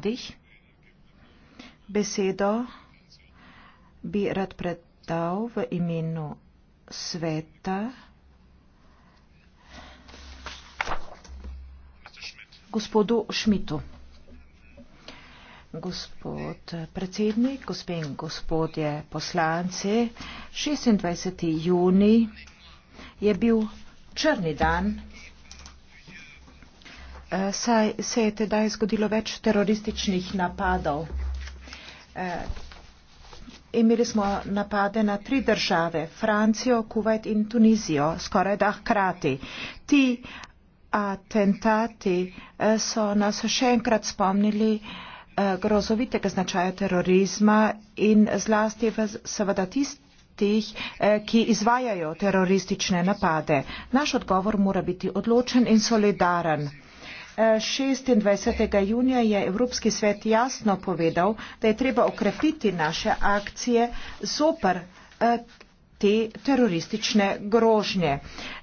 mladih. Besedo bi rad predal v imenu sveta gospodu Šmitu. Gospod predsednik, gospe in gospodje poslanci, 26. juni je bil črni dan saj se je tedaj zgodilo več terorističnih napadov. E, imeli smo napade na tri države, Francijo, Kuwait in Tunizijo, skoraj da hkrati. Ti atentati e, so nas še enkrat spomnili e, grozovitega značaja terorizma in zlasti v, seveda tistih, ki izvajajo teroristične napade. Naš odgovor mora biti odločen in solidaren. 26. junija je Evropski svet jasno povedal, da je treba okrepiti naše akcije zoper eh, te teroristične grožnje.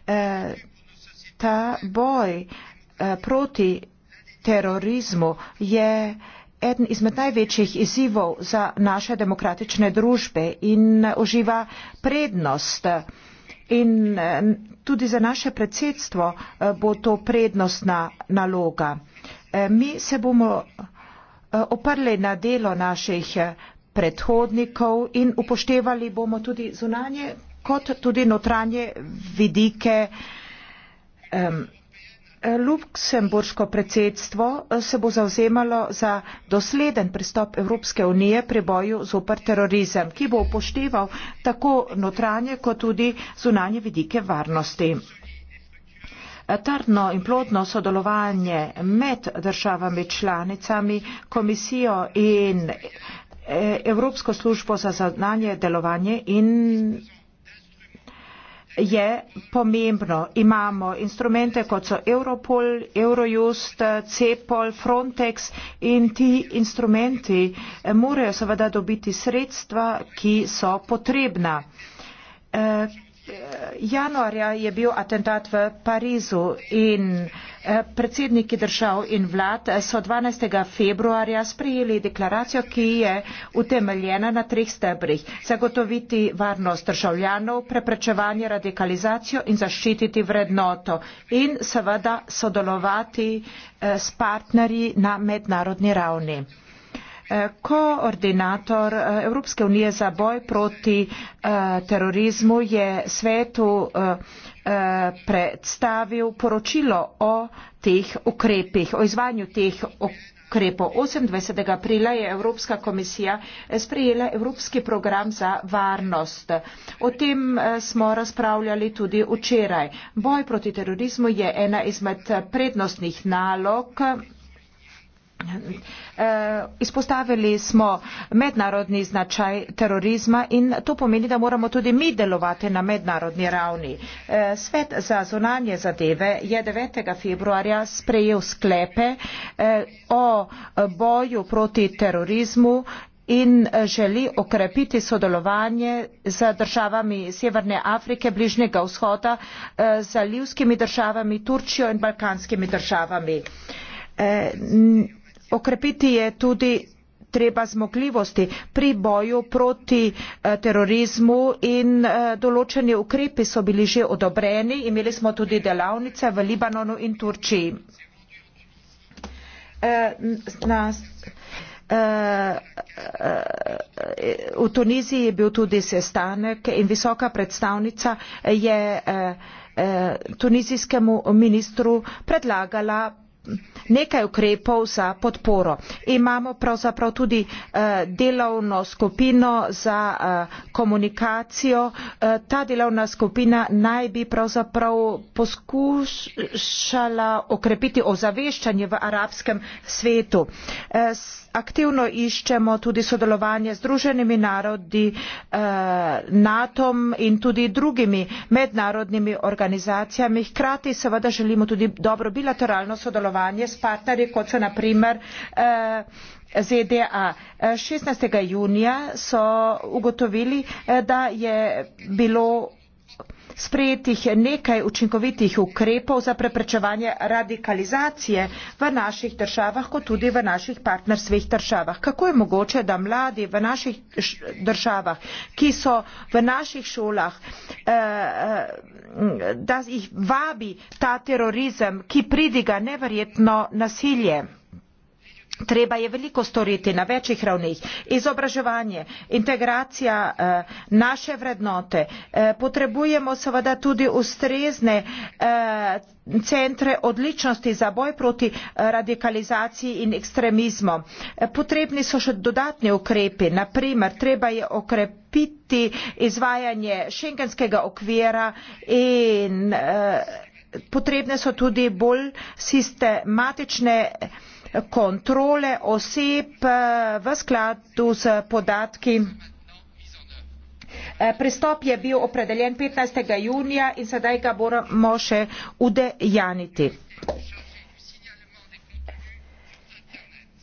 Eh, ta boj eh, proti terorizmu je eden izmed največjih izzivov za naše demokratične družbe in uživa prednost in eh, tudi za naše predsedstvo eh, bo to prednostna naloga. Eh, mi se bomo oprli na delo naših predhodnikov in upoštevali bomo tudi zunanje kot tudi notranje vidike. Luksemburško predsedstvo eh, se bo zauzemalo za dosleden pristop Evropske unije pri boju zopr terorizem, ki bo upošteval tako notranje kot tudi zunanje vidike varnosti. Trdno in plodno sodelovanje med državami članicami, komisijo in eh, Evropsko službo za zadnanje delovanje in je pomembno. Imamo instrumente, kot so Europol, Eurojust, CEPOL, Frontex in ti instrumenti eh, morajo seveda dobiti sredstva, ki so potrebna. Eh, Januarja je bil atentat v Parizu in eh, predsedniki držav in vlad so 12. februarja sprejeli deklaracijo, ki je utemeljena na treh stebrih. Zagotoviti varnost državljanov, preprečevanje radikalizacijo in zaščititi vrednoto in seveda sodelovati eh, s partnerji na mednarodni ravni. Eh, koordinator eh, Evropske unije za boj proti eh, terorizmu je svetu predstavil poročilo o teh ukrepih, o izvanju teh ukrepov. 28. aprila je Evropska komisija sprejela Evropski program za varnost. O tem smo razpravljali tudi včeraj. Boj proti terorizmu je ena izmed prednostnih nalog Eh, izpostavili smo mednarodni značaj terorizma in to pomeni, da moramo tudi mi delovati na mednarodni ravni. Eh, Svet za zonanje zadeve je 9. februarja sprejel sklepe eh, o boju proti terorizmu in želi okrepiti sodelovanje z državami Severne Afrike, Bližnjega vzhoda, z zalivskimi državami, Turčijo in balkanskimi državami. Okrepiti je tudi treba zmogljivosti pri boju proti eh, terorizmu in eh, določeni ukrepi so bili že odobreni. Imeli smo tudi delavnice v Libanonu in Turčiji. Eh, na, v Tuniziji je bil tudi sestanek in visoka predstavnica je tunizijskemu ministru predlagala nekaj ukrepov za podporo. Imamo pravzaprav tudi eh, delovno skupino za eh, komunikacijo. Eh, ta delovna skupina naj bi pravzaprav poskušala okrepiti ozaveščanje v arabskem svetu. Eh, aktivno iščemo tudi sodelovanje z druženimi narodi, eh, NATO-om in tudi drugimi mednarodnimi organizacijami. Hkrati seveda želimo tudi dobro bilateralno sodelovanje sodelovanje s partnerji, kot so na primer eh, ZDA. 16. Eh, junija so ugotovili, eh, da je bilo sprejetih nekaj učinkovitih ukrepov za preprečevanje radikalizacije v naših državah, kot tudi v naših partnerskih državah. Kako je mogoče, da mladi v naših državah, ki so v naših šolah, eh, eh, da jih vabi ta terorizem, ki pridiga neverjetno nasilje? treba je veliko storiti na večjih ravneh izobraževanje integracija eh, naše vrednote eh, potrebujemo seveda tudi ustrezne eh, centre odličnosti za boj proti radikalizaciji in ekstremizmu potrebni so še dodatni ukrepi na primer treba je okrepiti izvajanje šengenskega okvira in potrebne so tudi bolj sistematične kontrole oseb eh, v skladu s podatki. Eh, pristop je bil opredeljen 15. junija in sedaj ga moramo še udejaniti.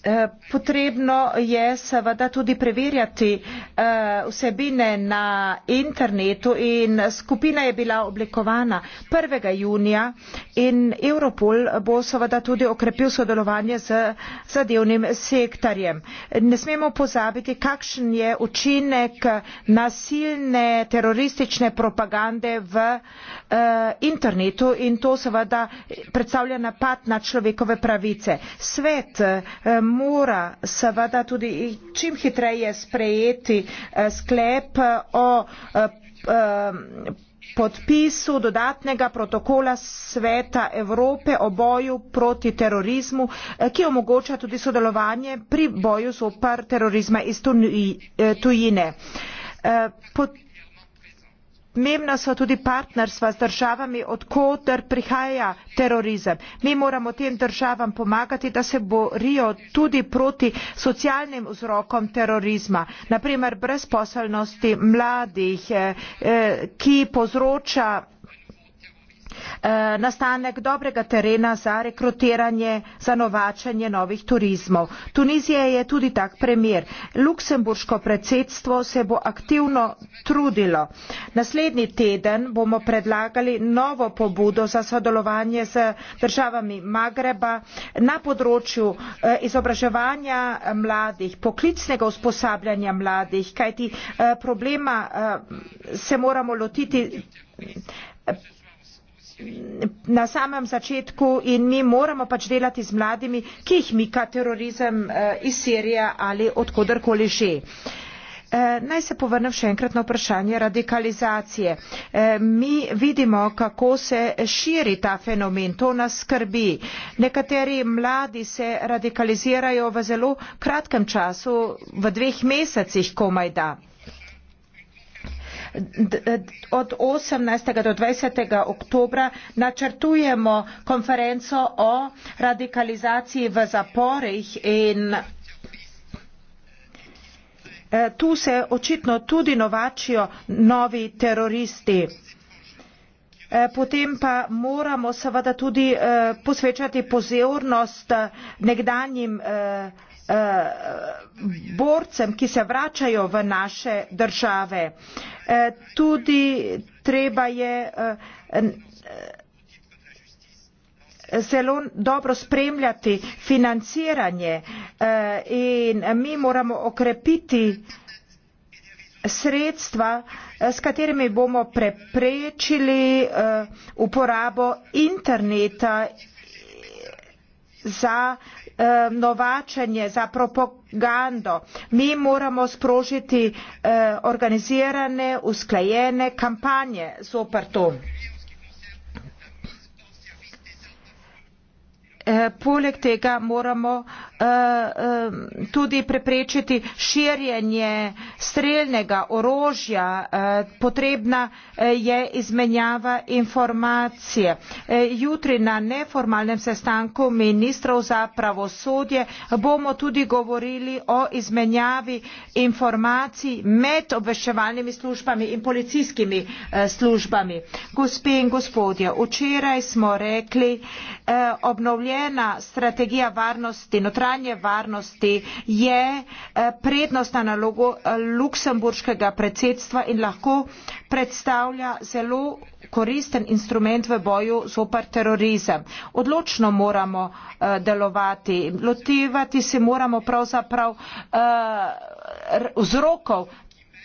Eh, potrebno je seveda tudi preverjati eh, vsebine na internetu in skupina je bila oblikovana 1. junija in Europol bo seveda tudi okrepil sodelovanje z zadevnim sektorjem. Ne smemo pozabiti, kakšen je učinek nasilne teroristične propagande v eh, internetu in to seveda predstavlja napad na človekove pravice. Svet mora seveda tudi čim hitreje sprejeti eh, sklep eh, o eh, podpisu dodatnega protokola Sveta Evrope o boju proti terorizmu, ki omogoča tudi sodelovanje pri boju zopr terorizma iz tujine. Pot pomembna so tudi partnerstva z državami odkoder prihaja terorizem. mi moramo tem državam pomagati da se borijo tudi proti socialnim vzrokom terorizma naprimer brezposelnosti mladih eh, eh, ki povzroča Eh, nastanek dobrega terena za rekrutiranje, za novačanje novih turizmov. Tunizija je tudi tak primer. Luksemburško predsedstvo se bo aktivno trudilo. Naslednji teden bomo predlagali novo pobudo za sodelovanje z državami Magreba na področju eh, izobraževanja eh, mladih, poklicnega usposabljanja mladih, kajti problema se moramo lotiti na samem začetku in mi moramo pač delati z mladimi, ki jih mika terorizem eh, iz Sirije ali odkudarkoli že. Eh, naj se povrnem še enkrat na vprašanje radikalizacije. Eh, mi vidimo, kako se širi ta fenomen, to nas skrbi. Nekateri mladi se radikalizirajo v zelo kratkem času, v dveh mesecih komaj da od 18. do 20. oktobra načrtujemo konferenco o radikalizaciji v zaporih in eh, tu se očitno tudi novačijo novi teroristi. Eh, potem pa moramo seveda tudi eh, posvečati pozornost eh, nekdanjim borcem, ki se vračajo v naše države. Tudi treba je zelo dobro spremljati financiranje in mi moramo okrepiti sredstva, eh, s katerimi bomo preprečili eh, uporabo interneta eh, za novačenje, za propagando. Mi moramo sprožiti organizirane, usklajene kampanje z oprtom. Eh, poleg tega moramo eh, eh, tudi preprečiti širjenje streljnega orožja. Potrebna je izmenjava informacije. Jutri na neformalnem sestanku ministrov za pravosodje bomo tudi govorili o izmenjavi informacij med obveščevalnimi službami in policijskimi službami. Gospe in gospodje, včeraj smo rekli obnovljenje usklajena strategija varnosti, notranje varnosti je eh, prednostna nalogo eh, luksemburškega predsedstva in lahko predstavlja zelo koristen instrument v boju zopr terorizem. Odločno moramo eh, delovati, lotevati se moramo pravzaprav vzrokov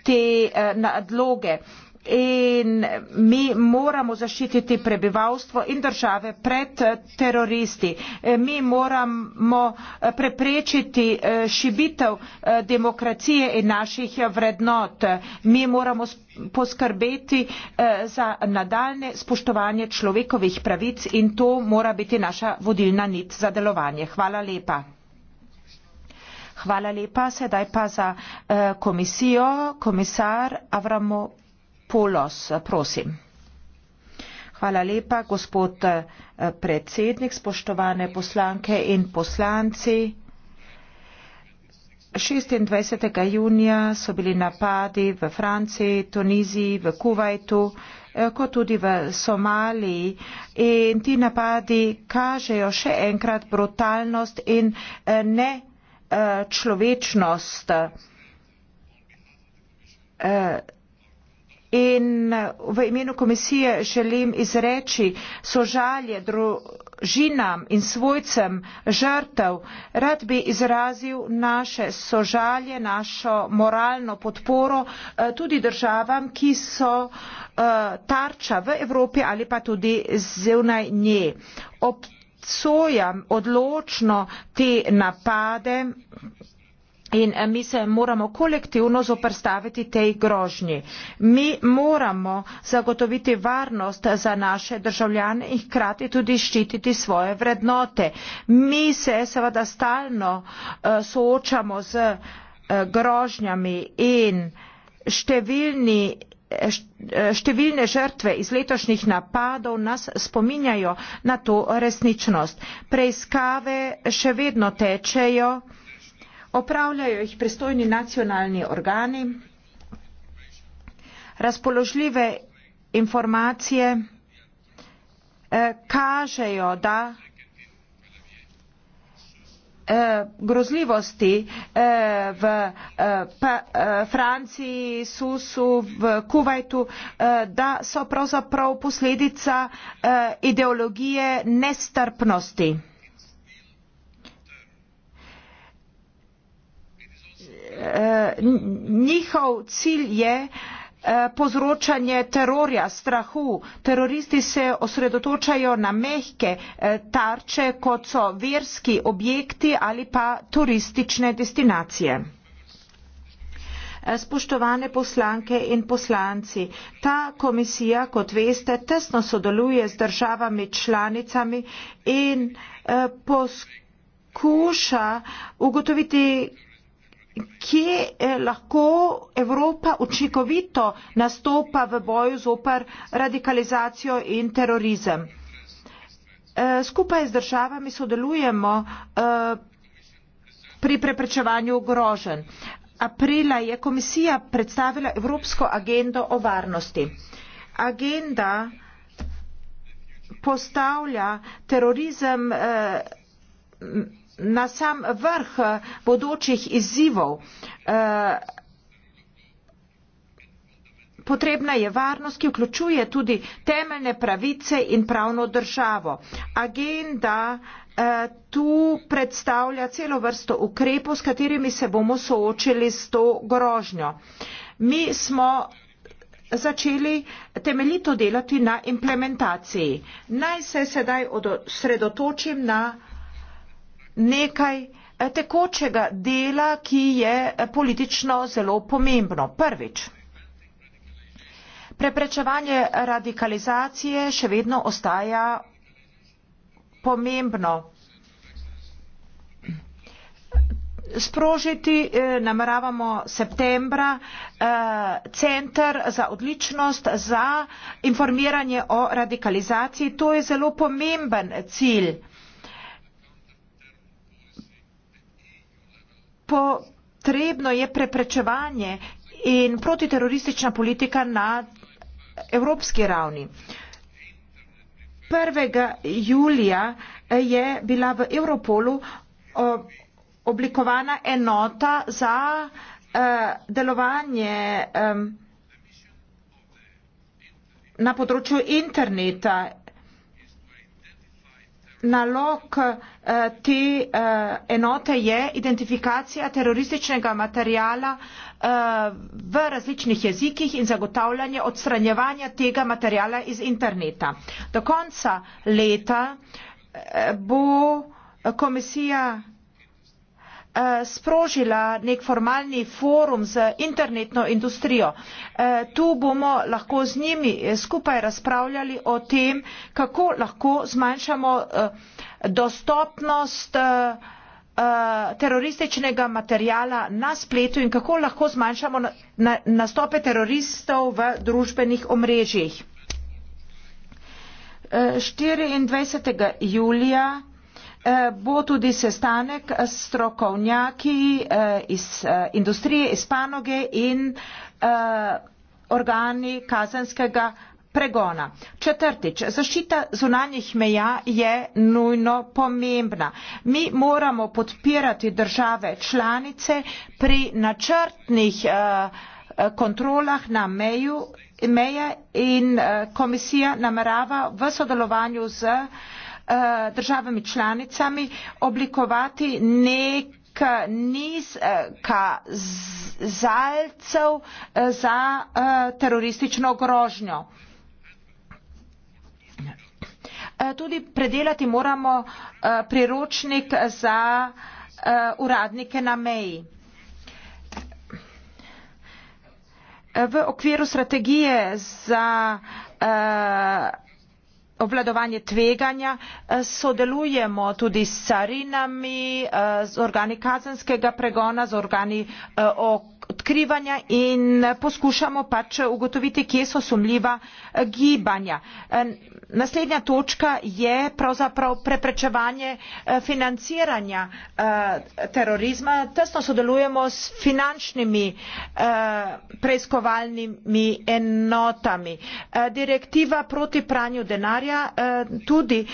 te nadloge. Eh, in mi moramo zaščititi prebivalstvo in države pred eh, teroristi. Eh, mi moramo eh, preprečiti šibitev demokracije in naših vrednot. Mi moramo poskrbeti za nadaljne spoštovanje človekovih pravic in to mora biti naša vodilna nit za delovanje. Hvala lepa. Hvala lepa sedaj pa za komisijo, komisar Avramo. Polos, prosim. Hvala lepa, gospod eh, predsednik, spoštovane poslanke in poslanci. 26. junija so bili napadi v Franciji, Tuniziji, v Kuvajtu, eh, kot tudi v Somaliji. In ti napadi kažejo še enkrat brutalnost in eh, nečlovečnost in uh, v imenu komisije želim izreči sožalje družinam in svojcem žrtev. Rad bi izrazil naše sožalje, našo moralno podporo uh, tudi državam, ki so uh, tarča v Evropi ali pa tudi zunaj nje. Obsojam odločno te napade in eh, mi se moramo kolektivno zoperstaviti tej grožnji. Mi moramo zagotoviti varnost za naše državljane in hkrati tudi ščititi svoje vrednote. Mi se seveda stalno eh, soočamo z eh, grožnjami in številni Številne žrtve iz letošnjih napadov nas spominjajo na to resničnost. Preiskave še vedno tečejo opravljajo jih pristojni nacionalni organi, razpoložljive informacije eh, kažejo, da eh, grozljivosti eh, v eh, pa, eh, Franciji, Susu, v Kuvajtu, eh, da so pravzaprav posledica eh, ideologije nestrpnosti. Eh, njihov cilj je eh, povzročanje terorja, strahu. Teroristi se osredotočajo na mehke eh, tarče, kot so verski objekti ali pa turistične destinacije. Spoštovane poslanke in poslanci, ta komisija, kot veste, tesno sodeluje z državami članicami in poskuša ugotoviti, kje eh, lahko Evropa učinkovito nastopa v boju zoper radikalizacijo in terorizem. Eh, skupaj z državami sodelujemo eh, pri preprečevanju grožen. Aprila je komisija predstavila Evropsko agendo o varnosti. Agenda postavlja terorizem na sam vrh eh, bodočih izzivov. Eh, potrebna je varnost, ki vključuje tudi temeljne pravice in pravno državo. Agenda eh, tu predstavlja celo vrsto ukrepov, s katerimi se bomo soočili s to grožnjo. Mi smo začeli temeljito delati na implementaciji. Naj se sedaj osredotočim na nekaj eh, tekočega dela ki je eh, politično zelo pomembno. prvič preprečevanje radikalizacije še vedno ostaja pomembno. sprožiti eh, nameravamo septembra center za odličnost za informiranje o radikalizaciji. to je zelo pomemben cilj. potrebno je preprečevanje in protiteroristična politika na evropski ravni. 1. julija eh, je bila v Europolu eh, oblikovana enota za eh, delovanje na področju interneta nalog eh, te eh, enote je identifikacija terorističnega materijala eh, v različnih jezikih in zagotavljanje odstranjevanja tega materijala iz interneta. Do konca leta bo komisija Eh, sprožila nek formalni forum z internetno industrijo. Eh, tu bomo lahko z njimi eh, skupaj razpravljali o tem, kako lahko zmanjšamo dostopnost terorističnega materijala na spletu in kako lahko zmanjšamo nastope teroristov v družbenih omrežjih. 24. julija Eh, bo tudi sestanek s strokovnjaki eh, iz eh, industrije, iz panoge in organi kazanskega pregona. Četrtič, zaščita zunanjih meja je nujno pomembna. Mi moramo podpirati države članice pri načrtnih kontrolah na meju, meje in komisija namerava v sodelovanju z uh, Eh, državami članicami oblikovati nek eh, niz eh, kazalcev za teroristično grožnjo. Tudi predelati moramo priročnik za uradnike na meji. V okviru strategije za obvladovanje tveganja e, sodelujemo tudi s carinami e, z organi kazenskega pregona z organi e, otkrivanja in poskušamo pač ugotoviti, kje so sumljiva eh, gibanja. Eh, naslednja točka je pravzaprav preprečevanje eh, financiranja terorizma. Tesno sodelujemo s finančnimi preiskovalnimi enotami. Direktiva proti pranju denarja tudi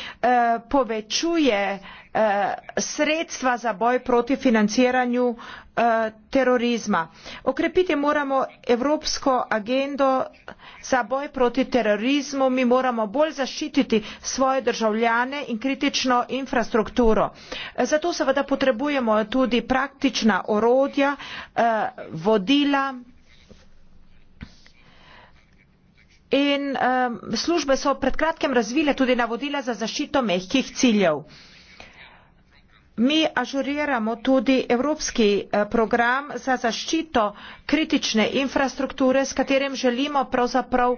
povečuje Eh, sredstva za boj proti financiranju eh, terorizma. okrepiti moramo evropsko agendo za boj proti terorizmu mi moramo bolj zaščititi svoje državljane in kritično infrastrukturo. Eh, zato seveda potrebujemo tudi praktična orodja vodila in službe so pred kratkim razvile tudi navodila za zaščito mehkih ciljev. Mi ažuriramo tudi evropski eh, program za zaščito kritične infrastrukture, s katerim želimo pravzaprav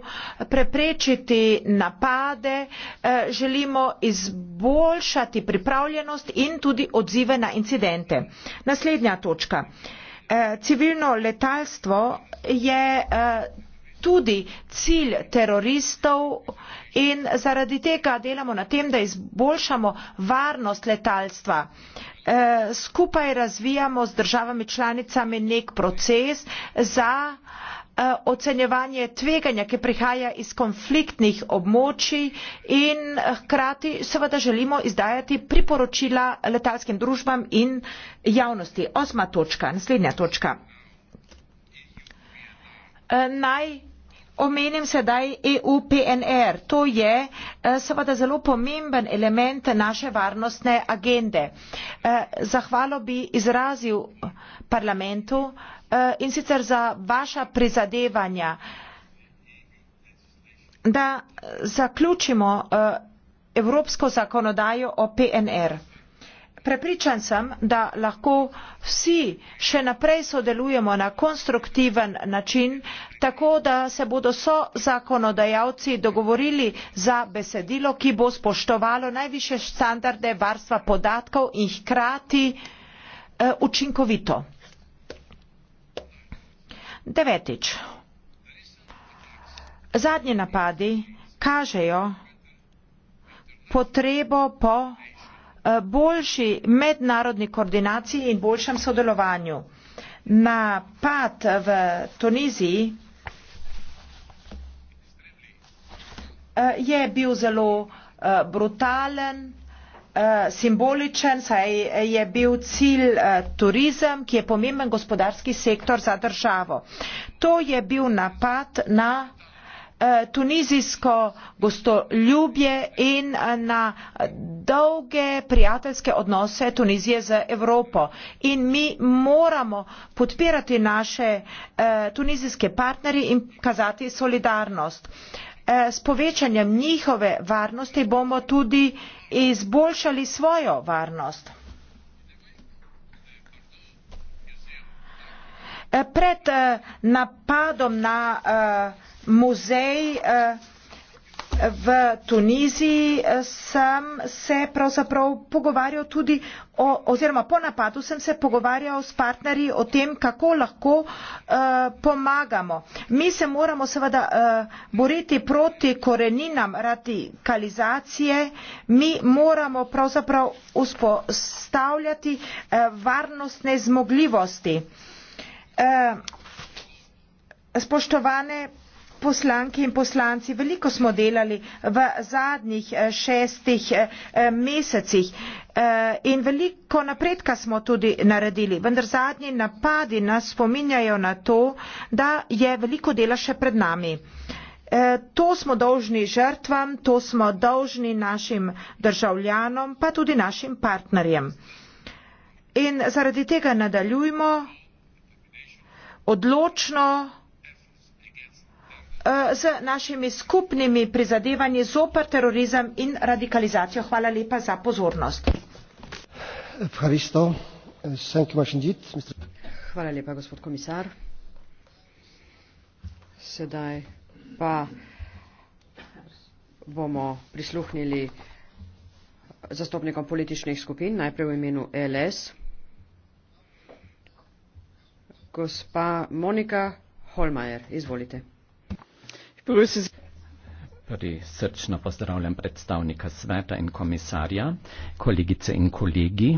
preprečiti napade, eh, želimo izboljšati pripravljenost in tudi odzive na incidente. Naslednja točka. Eh, civilno letalstvo je tudi cilj teroristov in zaradi tega delamo na tem, da izboljšamo varnost letalstva. Eh, skupaj razvijamo z državami članicami nek proces za eh, ocenjevanje tveganja, ki prihaja iz konfliktnih območij in hkrati seveda želimo izdajati priporočila letalskim družbam in javnosti. Osma točka, naslednja točka. Eh, naj Omenim sedaj EUPNR. To je eh, seveda zelo pomemben element naše varnostne agende. Eh, zahvalo bi izrazil parlamentu eh, in sicer za vaša prizadevanja, da zaključimo evropsko zakonodajo o PNR prepričan sem da lahko vsi še naprej sodelujemo na konstruktiven način tako da se bodo so zakonodajalci dogovorili za besedilo ki bo spoštovalo najvišje standarde varstva podatkov in hkrati eh, učinkovito. Devetič. Zadnji napadi kažejo potrebo po Eh, boljši mednarodni koordinaciji in boljšem sodelovanju. Napad v Tuniziji eh, je bil zelo eh, brutalen, simboličen, saj je bil cilj turizem, ki je pomemben gospodarski sektor za državo. To je bil napad na Eh, tunizijsko gostoljubje in eh, na dolge prijateljske odnose tunizije z evropo in mi moramo podpirati naše eh, tunizijske partnerje in kazati solidarnost. s povečanjem njihove varnosti bomo tudi izboljšali svojo varnost. pred napadom na muzej eh, v Tuniziji eh, sem se pravzaprav pogovarjal tudi o, oziroma po napadu sem se pogovarjal s partnerji o tem, kako lahko uh, pomagamo. Mi se moramo seveda uh, boriti proti koreninam radikalizacije, mi moramo pravzaprav vzpostavljati uh, varnostne zmogljivosti. Uh, spoštovane poslanke in poslanci, veliko smo delali v zadnjih eh, šestih eh, eh, mesecih in veliko napredka smo tudi naredili, vendar zadnji napadi nas spominjajo na to, da je veliko dela še pred nami. To smo dolžni žrtvam, to smo dolžni našim državljanom, pa tudi našim partnerjem. In zaradi tega nadaljujmo odločno, Eh, z našimi skupnimi prizadevanji zoper terorizem in radikalizacijo. Hvala lepa za pozornost. Hvala lepa, gospod komisar. Sedaj pa bomo prisluhnili zastopnikom političnih skupin, najprej v imenu LS. Gospa Monika Holmajer, izvolite. Tudi torej, srčno pozdravljam predstavnika sveta in komisarja, kolegice in kolegi.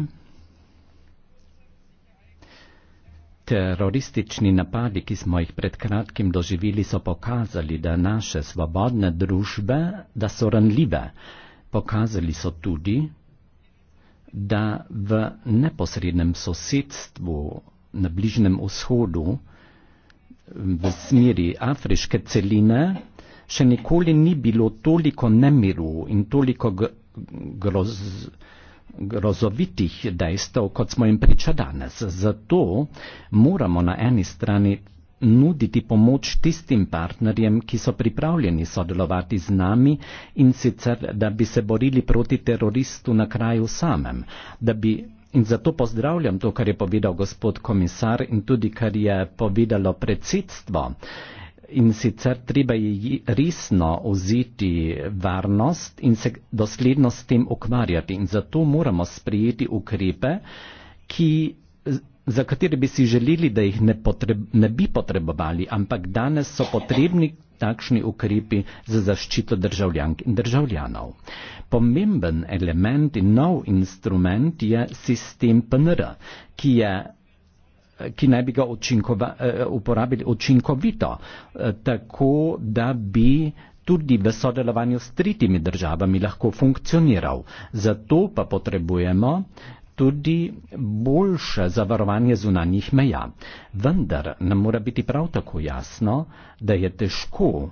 Teroristični napadi, ki smo jih pred kratkim doživeli, so pokazali, da naše svobodne družbe, da so ranljive. Pokazali so tudi, da v neposrednem sosedstvu, na bližnjem vzhodu, v smeri afriške celine, še nikoli ni bilo toliko nemiru in toliko groz, grozovitih dejstev, kot smo jim priča danes. Zato moramo na eni strani nuditi pomoč tistim partnerjem, ki so pripravljeni sodelovati z nami in sicer, da bi se borili proti teroristu na kraju samem, da bi In zato pozdravljam to, kar je povedal gospod komisar in tudi, kar je povedalo predsedstvo. In sicer treba je resno vzeti varnost in se dosledno s tem ukvarjati. In zato moramo sprejeti ukrepe, ki za katere bi si želeli, da jih ne, potreb, ne bi potrebovali, ampak danes so potrebni takšni ukrepi za zaščito državljank in državljanov. Pomemben element in nov instrument je sistem PNR, ki je ki naj bi ga učinkova, eh, uporabili učinkovito, eh, tako da bi tudi v sodelovanju s tretjimi državami lahko funkcioniral. Zato pa potrebujemo uh, tudi boljše zavarovanje zunanjih meja. Vendar nam mora biti prav tako jasno, da je težko um,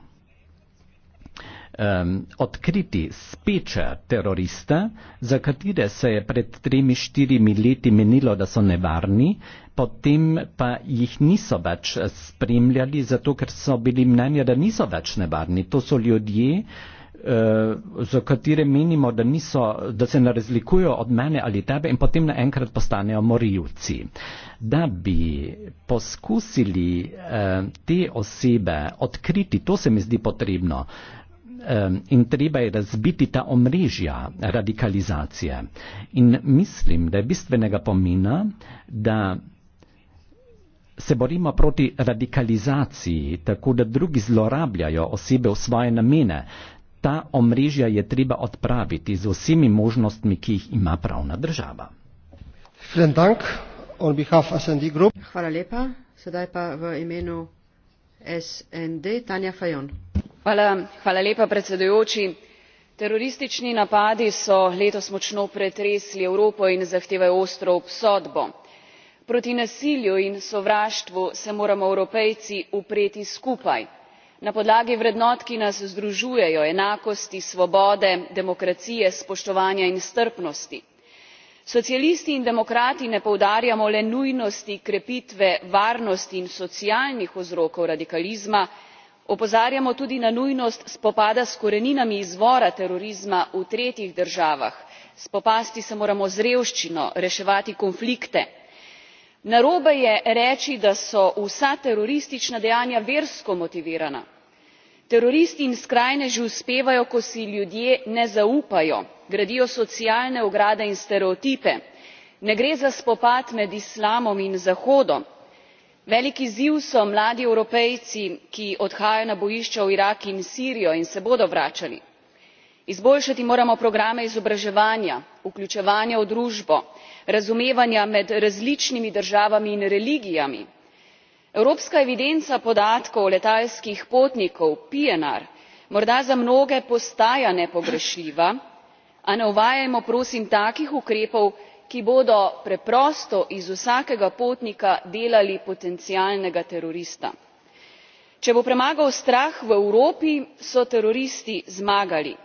odkriti speče terorista, za katere se je pred tremi, štirimi leti menilo, da so nevarni, potem pa jih niso več spremljali, zato ker so bili mnenja, da niso več nevarni. To so ljudje, Eh, za katere menimo, da, niso, da se ne razlikujejo od mene ali tebe in potem naenkrat postanejo morilci. Da bi poskusili eh, te osebe odkriti, to se mi zdi potrebno eh, in treba je razbiti ta omrežja radikalizacije. In mislim, da je bistvenega pomena, da se borimo proti radikalizaciji, tako da drugi zlorabljajo osebe v svoje namene. Ta omrežja je treba odpraviti z vsemi možnostmi, ki jih ima pravna država. Hvala lepa. Sedaj pa v imenu SND Tanja Fajon. Hvala, hvala lepa, predsedujoči. Teroristični napadi so letos močno pretresli Evropo in zahtevajo ostro obsodbo. Proti nasilju in sovraštvu se moramo evropejci upreti skupaj na podlagi vrednot ki nas združujejo enakosti svobode demokracije spoštovanja in strpnosti. socialisti in demokrati ne poudarjamo le nujnosti krepitve varnosti in socialnih vzrokov radikalizma opozarjamo tudi na nujnost spopada s koreninami izvora terorizma v tretjih državah spopasti se moramo z revščino reševati konflikte narobe je reči da so vsa teroristična dejanja versko motivirana teroristi in skrajneži uspevajo ko si ljudje ne zaupajo gradijo socialne ograde in stereotipe ne gre za spopad med islamom in zahodom velik izziv so mladi evropejci ki odhajajo na bojišča v irak in sirijo in se bodo vračali izboljšati moramo programe izobraževanja vključevanja v družbo razumevanja med različnimi državami in religijami. evropska evidenca podatkov letalskih potnikov pnr morda za mnoge postaja nepogrešljiva a ne uvajajmo prosim takih ukrepov ki bodo preprosto iz vsakega potnika delali potencialnega terorista. če bo premagal strah v evropi so teroristi zmagali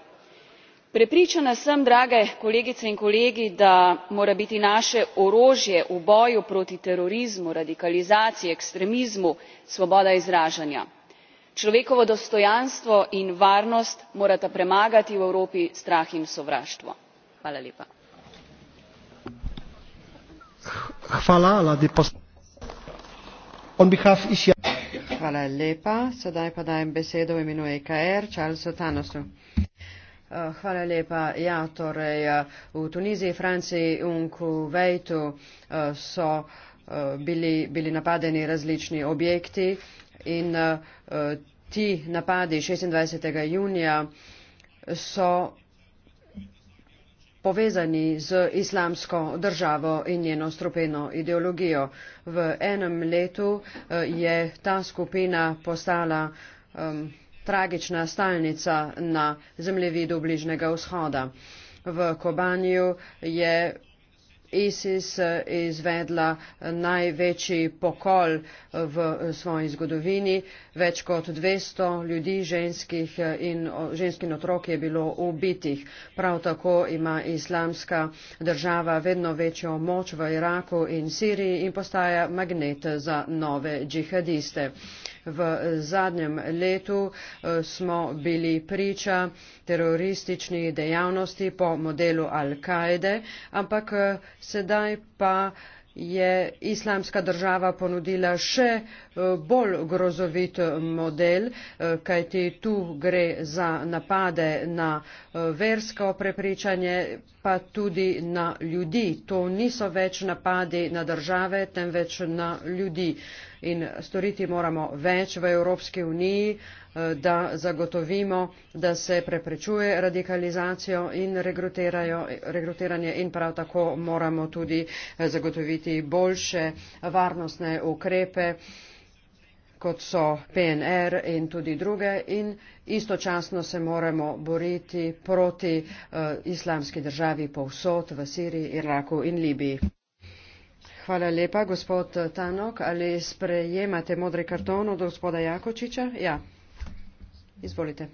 prepričana sem drage kolegice in kolegi da mora biti naše orožje v boju proti terorizmu radikalizaciji ekstremizmu svoboda izražanja. človekovo dostojanstvo in varnost morata premagati v evropi strah in sovraštvo. Eh, hvala lepa. Ja, torej, eh, v Tuniziji, Franciji in Kuvajtu eh, so bili, bili napadeni različni objekti in ti napadi 26. junija so povezani z islamsko državo in njeno strupeno ideologijo. V enem letu je ta skupina postala. Um, tragična stalnica na zemljevidu Bližnjega vzhoda. V Kobanju je ISIS izvedla največji pokol v svoji zgodovini. Več kot 200 ljudi, ženskih in, ženski in otrok je bilo ubitih. Prav tako ima islamska država vedno večjo moč v Iraku in Siriji in postaja magnet za nove džihadiste. V zadnjem letu eh, smo bili priča teroristični dejavnosti po modelu Al-Kaide, ampak eh, sedaj pa je islamska država ponudila še eh, bolj grozovit model, kajti tu gre za napade na versko prepričanje, pa tudi na ljudi. To niso več napadi na države, temveč na ljudi in storiti moramo več v Evropski uniji, eh, da zagotovimo, da se preprečuje radikalizacijo in regrutiranje in prav tako moramo tudi eh, zagotoviti boljše varnostne ukrepe kot so PNR in tudi druge in istočasno se moramo boriti proti uh, islamski državi povsod v Siriji, Iraku in Libiji. Hvala lepa, gospod Tanok. Ali sprejemate modri karton od gospoda Jakočiča? Ja. Izvolite.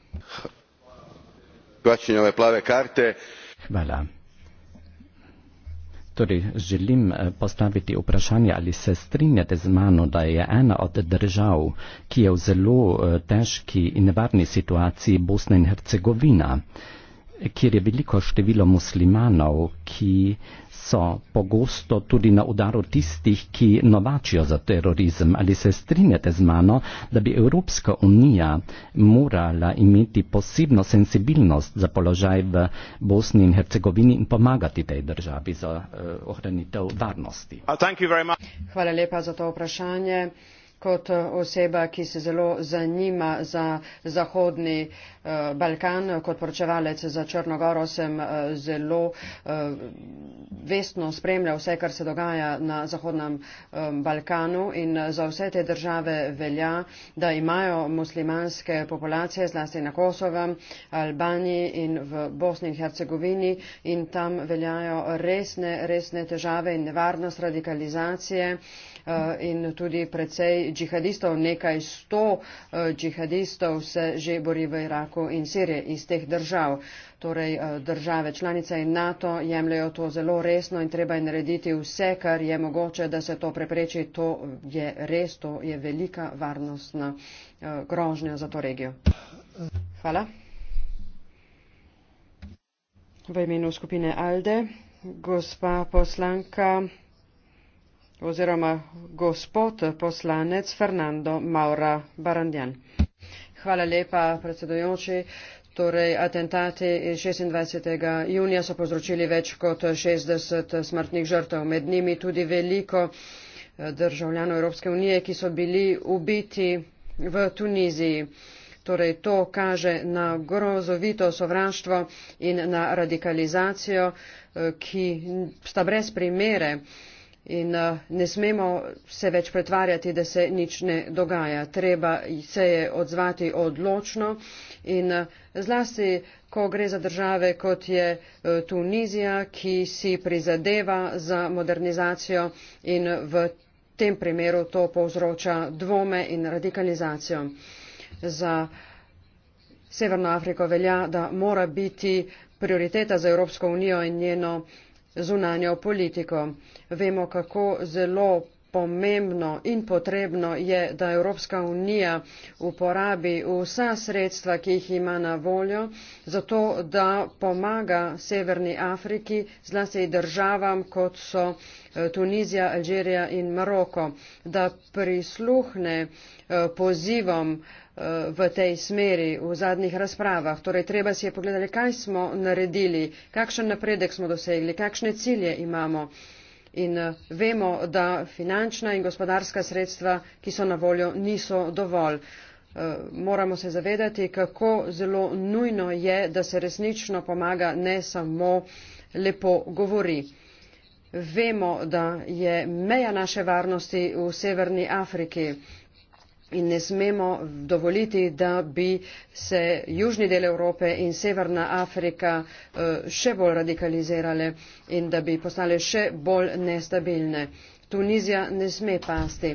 Plačenje ove plave karte. Hvala. Torej, želim eh, postaviti vprašanje, ali se strinjate z mano, da je ena od držav, ki je v zelo eh, težki in nevarni situaciji, Bosna in Hercegovina, kjer je veliko število muslimanov, ki so pogosto tudi na udaru tistih, ki novačijo za terorizem. Ali se strinjate z mano, da bi Evropska unija morala imeti posebno sensibilnost za položaj v Bosni in Hercegovini in pomagati tej državi za uh, ohranitev varnosti? Uh, Hvala lepa za to vprašanje kot eh, oseba, ki se zelo zanima za Zahodni eh, Balkan, kot poročevalec za Črnogoro, sem eh, zelo vestno spremljal vse, kar se dogaja na Zahodnem Balkanu in za vse te države velja, da imajo muslimanske populacije, zlasti na Kosovem, Albaniji in v Bosni in Hercegovini in tam veljajo resne, resne težave in nevarnost radikalizacije. Eh, in tudi precej džihadistov, nekaj sto eh, džihadistov se že bori v Iraku in Sirije iz teh držav. Torej eh, države članice in NATO jemljajo to zelo resno in treba je narediti vse, kar je mogoče, da se to prepreči. To je res, to je velika varnostna grožnja za to regijo. Hvala. V imenu skupine Alde, gospa poslanka oziroma gospod poslanec Fernando Maura Barandjan. Hvala lepa, predsedujoči. Torej, atentati 26. junija so povzročili več kot 60 smrtnih žrtev, med njimi tudi veliko eh, državljanov Evropske unije, ki so bili ubiti v Tuniziji. Torej, to kaže na grozovito sovraštvo in na radikalizacijo, eh, ki sta brez primere in eh, ne smemo se več pretvarjati, da se nič ne dogaja. Treba se je odzvati odločno in eh, zlasti, ko gre za države, kot je eh, Tunizija, ki si prizadeva za modernizacijo in v tem primeru to povzroča dvome in radikalizacijo. Za Severno Afriko velja, da mora biti prioriteta za Evropsko unijo in njeno zunanjo politiko. Vemo, kako zelo pomembno in potrebno je, da Evropska unija uporabi vsa sredstva, ki jih ima na voljo, zato da pomaga Severni Afriki, zlasti državam, kot so eh, Tunizija, Alžirija in Maroko, da prisluhne eh, pozivom eh, v tej smeri v zadnjih razpravah. Torej, treba si je pogledati, kaj smo naredili, kakšen napredek smo dosegli, kakšne cilje imamo in eh, vemo da finančna in gospodarska sredstva ki so na voljo niso dovolj. Eh, moramo se zavedati, kako zelo nujno je, da se resnično pomaga, ne samo lepo govori. Vemo, da je meja naše varnosti v Severni Afriki in ne smemo dovoliti, da bi se južni del Evrope in severna Afrika eh, še bolj radikalizirale in da bi postale še bolj nestabilne. Tunizija ne sme pasti.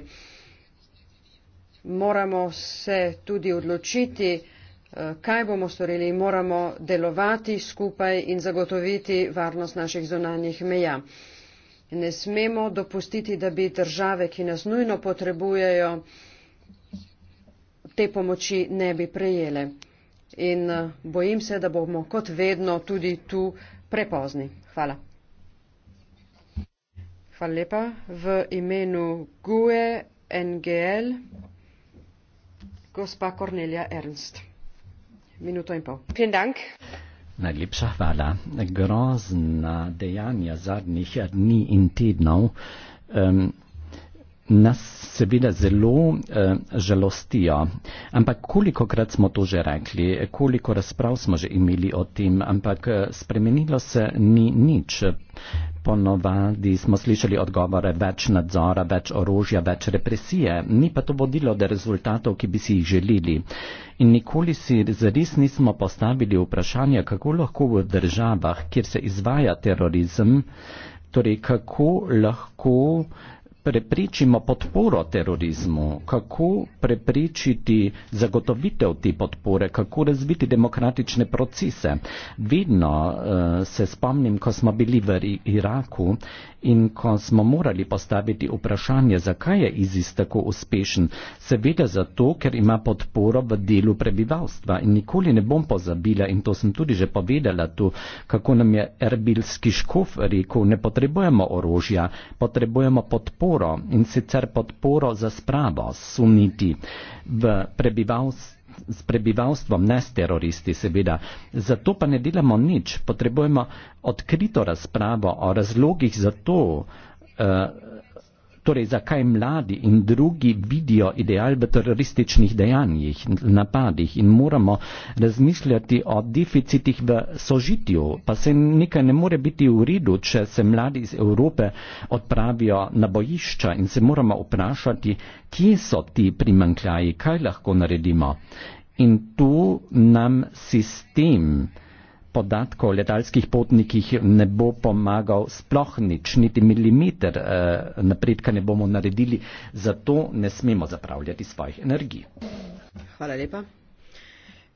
Moramo se tudi odločiti, eh, kaj bomo storili. Moramo delovati skupaj in zagotoviti varnost naših zunanjih meja. Ne smemo dopustiti, da bi države, ki nas nujno potrebujejo, te pomoči ne bi prejele. In eh, bojim se, da bomo kot vedno tudi tu prepozni. Hvala. Hvala lepa. V imenu GUE NGL gospa Kornelija Ernst. Minuto in pol. Vielen Dank. Najlepša hvala. Grozna dejanja zadnjih dni in tednov. Um, nas seveda zelo uh, žalostijo. Ampak koliko krat smo to že rekli, koliko razprav smo že imeli o tem, ampak eh, spremenilo se ni nič. Ponovadi smo slišali odgovore več nadzora, več orožja, več represije, ni pa to vodilo do rezultatov, ki bi si jih želeli. In nikoli si zares nismo postavili vprašanja, kako lahko v državah, kjer se izvaja terorizem, torej kako lahko preprečimo podporo terorizmu, kako preprečiti zagotovitev te podpore, kako razviti demokratične procese. Vedno uh, se spomnim, ko smo bili v Iraku in ko smo morali postaviti vprašanje, zakaj je IZIS tako uspešen. Seveda zato, ker ima podporo v delu prebivalstva in nikoli ne bom pozabila in to sem tudi že povedala tu, kako nam je erbilski škof rekel, ne potrebujemo orožja, potrebujemo podporo podporo in sicer podporo za spravo suniti v prebivalstvo s prebivalstvom, ne s teroristi seveda. Zato pa ne delamo nič, potrebujemo odkrito razpravo o razlogih za to, eh, torej zakaj mladi in drugi vidijo ideal v terorističnih dejanjih, napadih in moramo razmišljati o deficitih v sožitju, pa se nekaj ne more biti v redu, če se mladi iz Evrope odpravijo na bojišča in se moramo vprašati, kje so ti primankljaji, kaj lahko naredimo. In tu nam sistem podatkov o letalskih potnikih ne bo pomagal sploh nič, niti milimeter eh, napredka ne bomo naredili, zato ne smemo zapravljati svojih energij. Hvala lepa.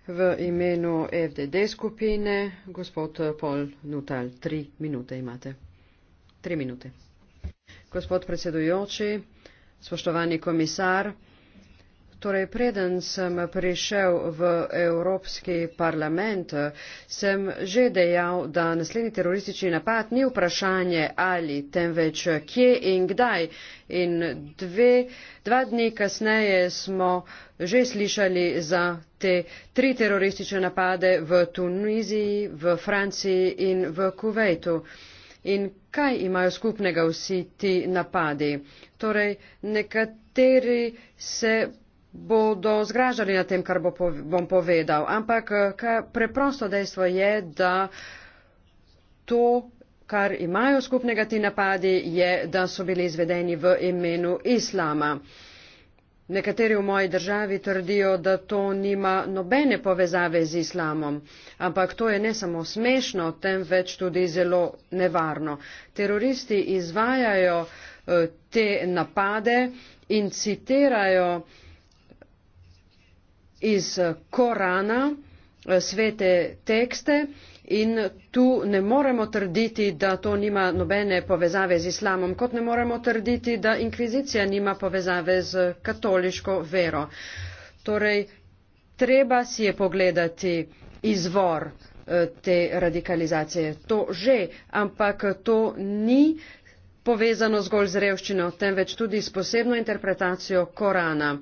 V imenu FDD skupine, gospod Pol Nutal, tri minute imate. Tri minute. Gospod predsedujoči, spoštovani komisar, Torej, preden sem prišel v Evropski parlament, sem že dejal, da naslednji teroristični napad ni vprašanje ali, temveč kje in kdaj. In dve, dva dni kasneje smo že slišali za te tri teroristične napade v Tuniziji, v Franciji in v Kuvejtu. In kaj imajo skupnega vsi ti napadi? Torej, nekateri se bodo zgražali nad tem, kar bom povedal, ampak eh, preprosto dejstvo je, da to, kar imajo skupnega ti napadi, je, da so bili izvedeni v imenu islama. Nekateri v moji državi trdijo, da to nima nobene povezave z islamom, ampak to je ne samo smešno, temveč tudi zelo nevarno. Teroristi izvajajo eh, te napade in citirajo uh, iz Korana eh, svete tekste in tu ne moremo trditi, da to nima nobene povezave z islamom, kot ne moremo trditi, da inkvizicija nima povezave z katoliško vero. Torej, treba si je pogledati izvor eh, te radikalizacije. To že, ampak to ni povezano zgolj z revščino, temveč tudi s posebno interpretacijo Korana. Uh,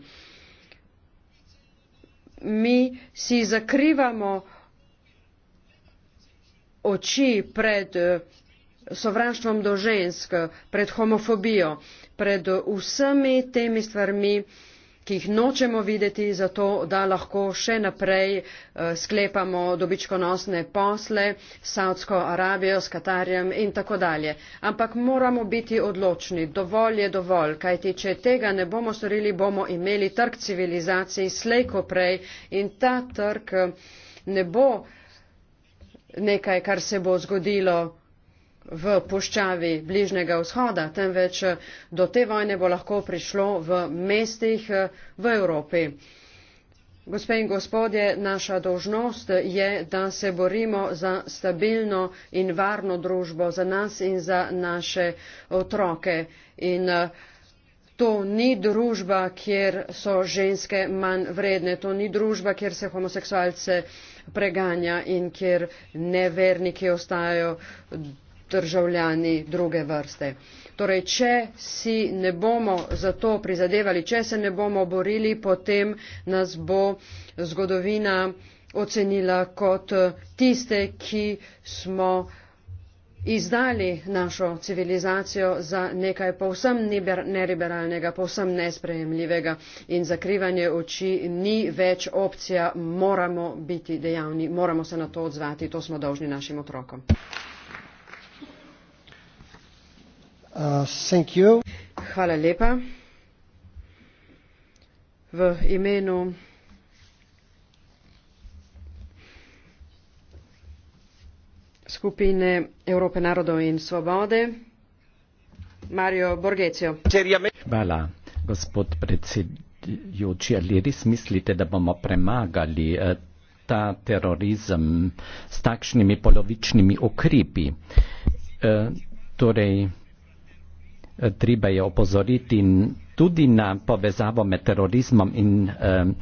mi si zakrivamo oči pred eh, sovraštvom do žensk, pred homofobijo, pred vsemi temi stvarmi, ki jih nočemo videti, zato da lahko še naprej eh, sklepamo dobičkonosne posle s Saudsko Arabijo, s Katarjem in tako dalje. Ampak moramo biti odločni, dovolj je dovolj, kajti če tega ne bomo storili, bomo imeli trg civilizacij slejko prej in ta trg eh, ne bo nekaj, kar se bo zgodilo v puščavi Bližnjega vzhoda, temveč eh, do te vojne bo lahko prišlo v mestih eh, v Evropi. Gospe in gospodje, naša dožnost je, da se borimo za stabilno in varno družbo za nas in za naše otroke. In eh, to ni družba, kjer so ženske manj vredne, to ni družba, kjer se homoseksualce preganja in kjer neverniki ostajajo državljani druge vrste. Torej, če si ne bomo za to prizadevali, če se ne bomo borili, potem nas bo zgodovina ocenila kot tiste, ki smo izdali našo civilizacijo za nekaj povsem neliberalnega, povsem nesprejemljivega in zakrivanje oči ni več opcija, moramo biti dejavni, moramo se na to odzvati, to smo dolžni našim otrokom. Uh, Hvala lepa. V imenu skupine Evrope narodov in svobode, Mario Borgecio. Hvala, gospod predsedujoči. Ali res mislite, da bomo premagali eh, ta terorizem s takšnimi polovičnimi ukrepi? Eh, torej, treba je opozoriti tudi na povezavo med terorizmom in um,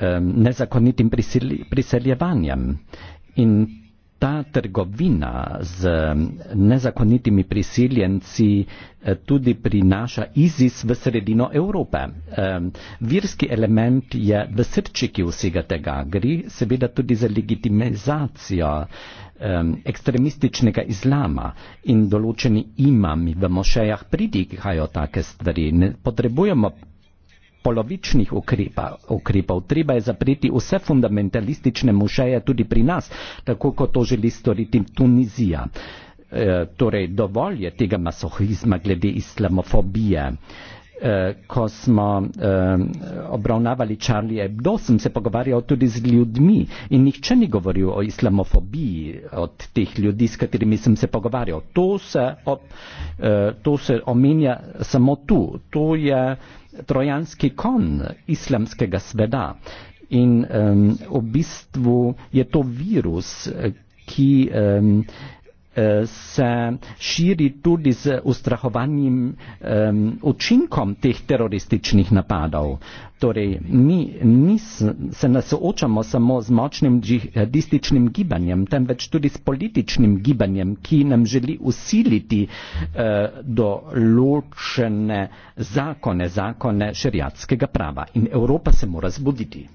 um, nezakonitim priseljevanjem. In ta trgovina z nezakonitimi prisiljenci eh, tudi prinaša ISIS v sredino Evrope. Virski element je v srčiki vsega tega. Gre seveda tudi za legitimizacijo ekstremističnega islama in določeni imami v mošejah pridigajo take stvari. Ne potrebujemo polovičnih ukrepa, ukrepov. Treba je zapreti vse fundamentalistične mušeje tudi pri nas, tako kot to želi storiti Tunizija. E, torej, dovolj je tega masohizma glede islamofobije. E, ko smo e, obravnavali Charlie Hebdo, sem se pogovarjal tudi z ljudmi in nihče ni govoril o islamofobiji od teh ljudi, s katerimi sem se pogovarjal. To se, ob, e, to se omenja samo tu. To je, e, trojanski kon islamskega sveda in um, v bistvu je to virus, ki um, Eh, se širi tudi z ustrahovanjem um, učinkom teh terorističnih napadov. Torej, mi, mi se ne soočamo samo z močnim džihadističnim gibanjem, temveč tudi s političnim gibanjem, ki nam želi usiliti uh, določene zakone, zakone šerijatskega prava. In Evropa se mora zbuditi.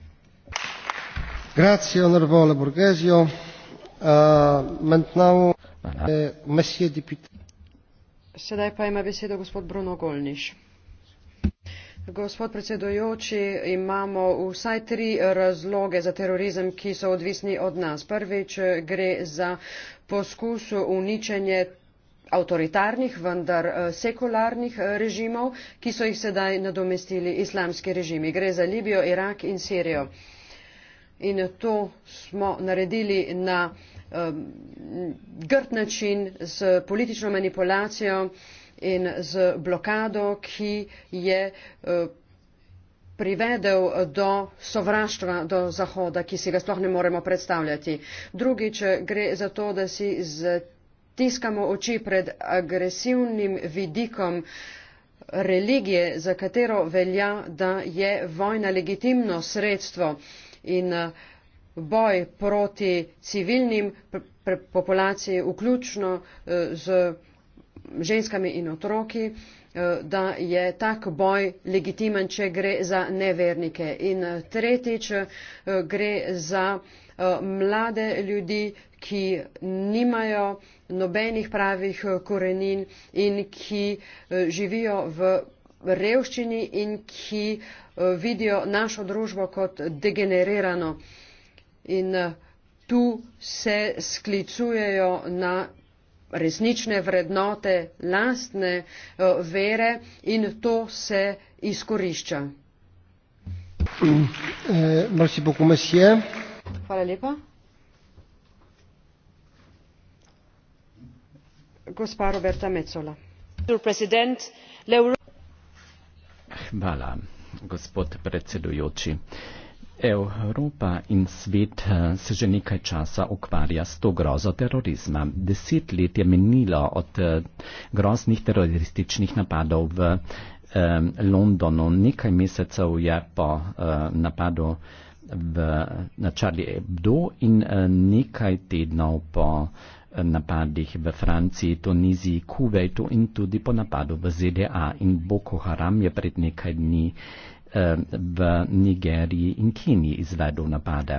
Grazie, onorevole Borghesio. Uh, Eh, gospod predsedujoči imamo vsaj tri razloge za terorizem ki so odvisni od nas prvič gre za poskus uničenje avtoritarnih vendar eh, sekularnih eh, režimov ki so jih sedaj nadomestili islamski režimi gre za libijo irak in sirijo in to smo naredili na Um, grd način s politično manipulacijo in z blokado ki je uh, privedel do sovraštva do Zahoda, ki si ga sploh ne moremo predstavljati. Drugič gre za to, da si zatiskamo oči pred agresivnim vidikom religije, za katero velja, da je vojna legitimno sredstvo in uh, boj proti civilnim populaciji, vključno eh, z ženskami in otroki, eh, da je tak boj legitimen, če gre za nevernike. In eh, tretjič, gre za mlade ljudi, ki nimajo nobenih pravih korenin in ki živijo v revščini in ki vidijo našo družbo kot degenerirano in eh, tu se sklicujejo na resnične vrednote lastne eh, vere in to se izkorišča. Eh, Hvala lepa. Gospa Roberta Mecola. Hvala, gospod predsedujoči. Evropa in svet eh, se že nekaj časa ukvarja s to grozo terorizma. Deset let je menilo od eh, groznih terorističnih napadov v eh, Londonu, nekaj mesecev je po napadu v Charlie Hebdo in nekaj tednov po napadih v Franciji, Tuniziji, Kuwaitu in tudi po napadu v ZDA. In Boko Haram je pred nekaj dni Eh, v Nigeriji in Keniji izvedel napade.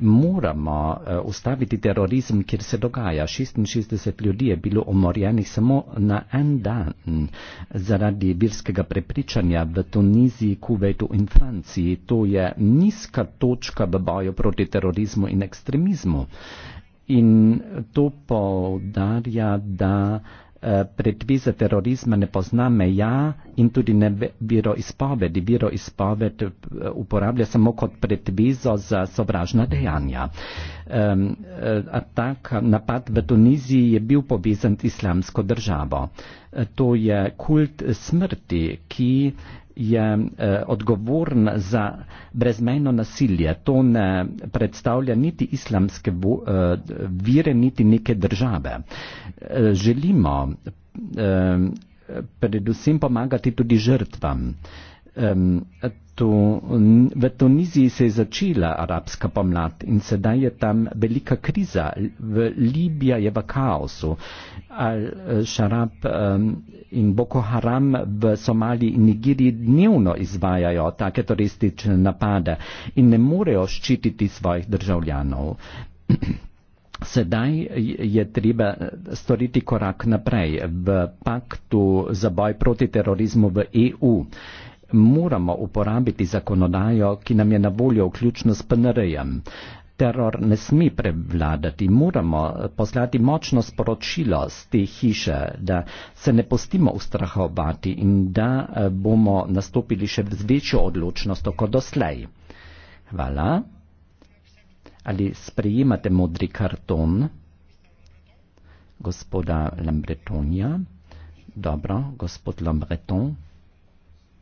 Moramo eh, ustaviti terorizem, kjer se dogaja. 66 ljudi je bilo umorjenih samo na en dan zaradi virskega prepričanja v Tuniziji, Kuvetu in Franciji. To je nizka točka v boju proti terorizmu in ekstremizmu. In to povdarja, da Eh, predviza terorizma ne pozna meja in tudi ne biro izpovedi. Biro izpoved eh, uporablja samo kot predvizo za sovražna dejanja. Um, atak, napad v Tuniziji je bil povezan z islamsko državo. To je kult smrti, ki je eh, odgovoren za brezmejno nasilje. To ne predstavlja niti islamske eh, vire, niti neke države. Eh, želimo predvsem pomagati tudi žrtvam tu, v Tuniziji se je začela arabska pomlad in sedaj je tam velika kriza. V Libiji je v kaosu. Al-Sharab um, in Boko Haram v Somaliji in Nigeriji dnevno izvajajo take turistične napade in ne morejo ščititi svojih državljanov. Sedaj je treba eh, storiti korak naprej v paktu za boj proti terorizmu v EU. Uh, moramo uporabiti zakonodajo, ki nam je na voljo vključno s PNR-jem. Teror ne sme prevladati, moramo eh, poslati močno sporočilo z te hiše, da se ne postimo ustrahovati in da eh, bomo nastopili še z večjo odločnostjo kot doslej. Hvala. Ali sprejemate modri karton gospoda Lambretonija? Dobro, gospod Lambreton.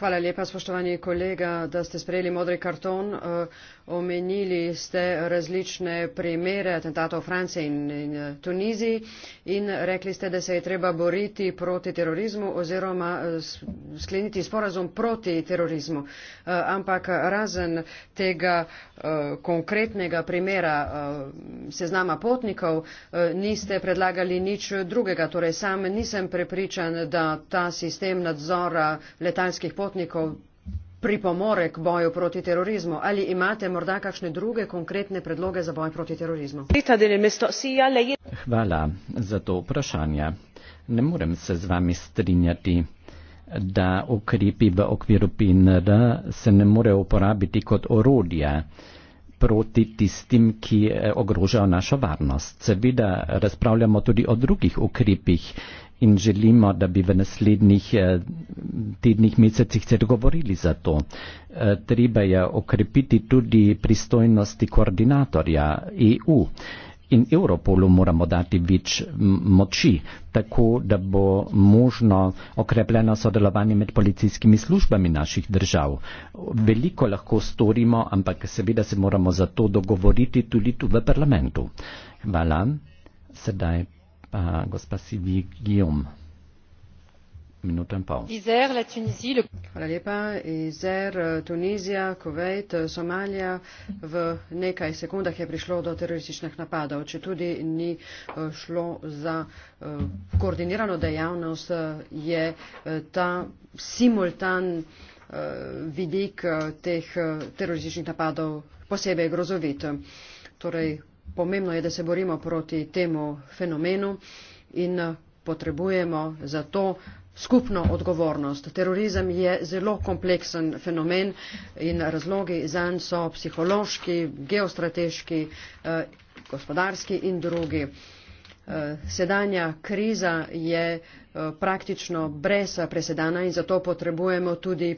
Hvala lepa, spoštovani kolega, da ste sprejeli modri karton. Eh, omenili ste različne primere atentatov v Franciji in, in eh, Tuniziji in rekli ste, da se je treba boriti proti terorizmu oziroma eh, skleniti sporazum proti terorizmu. Ampak razen tega konkretnega primera seznama potnikov niste predlagali nič drugega. Torej, sam nisem prepričan, da ta sistem nadzora letalskih potnikov nasprotnikov pripomore k boju proti terorizmu ali imate morda kakšne druge konkretne predloge za boj proti terorizmu? Hvala za to vprašanje. Ne morem se z vami strinjati, da ukrepi v okviru PNR se ne morejo uporabiti kot orodje proti tistim, ki eh, ogrožajo našo varnost. Seveda razpravljamo tudi o drugih ukrepih in želimo, da bi v naslednjih eh, tednih mesecih se dogovorili za to. Eh, treba je okrepiti tudi pristojnosti koordinatorja EU in Europolu moramo dati več moči, tako da bo možno okrepljeno sodelovanje med policijskimi službami naših držav. Veliko lahko storimo, ampak seveda se moramo za to dogovoriti tudi tu v parlamentu. Hvala. Sedaj pa gospa Sivi Guillaume l'isère la tunisie le Hvala lepa. Izer, Tunizija, Kuwait, Somalija. V nekaj sekundah je prišlo do terorističnih napadov. Če tudi ni eh, šlo za eh, koordinirano dejavnost, eh, je ta simultan vidik teh terorističnih napadov posebej grozovit. Torej, pomembno je, da se borimo proti temu fenomenu in potrebujemo za to skupno odgovornost. Terorizem je zelo kompleksen fenomen in razlogi za njo so psihološki, geostrateški, eh, gospodarski in drugi. Eh, sedanja kriza je eh, praktično brez presedana in zato potrebujemo tudi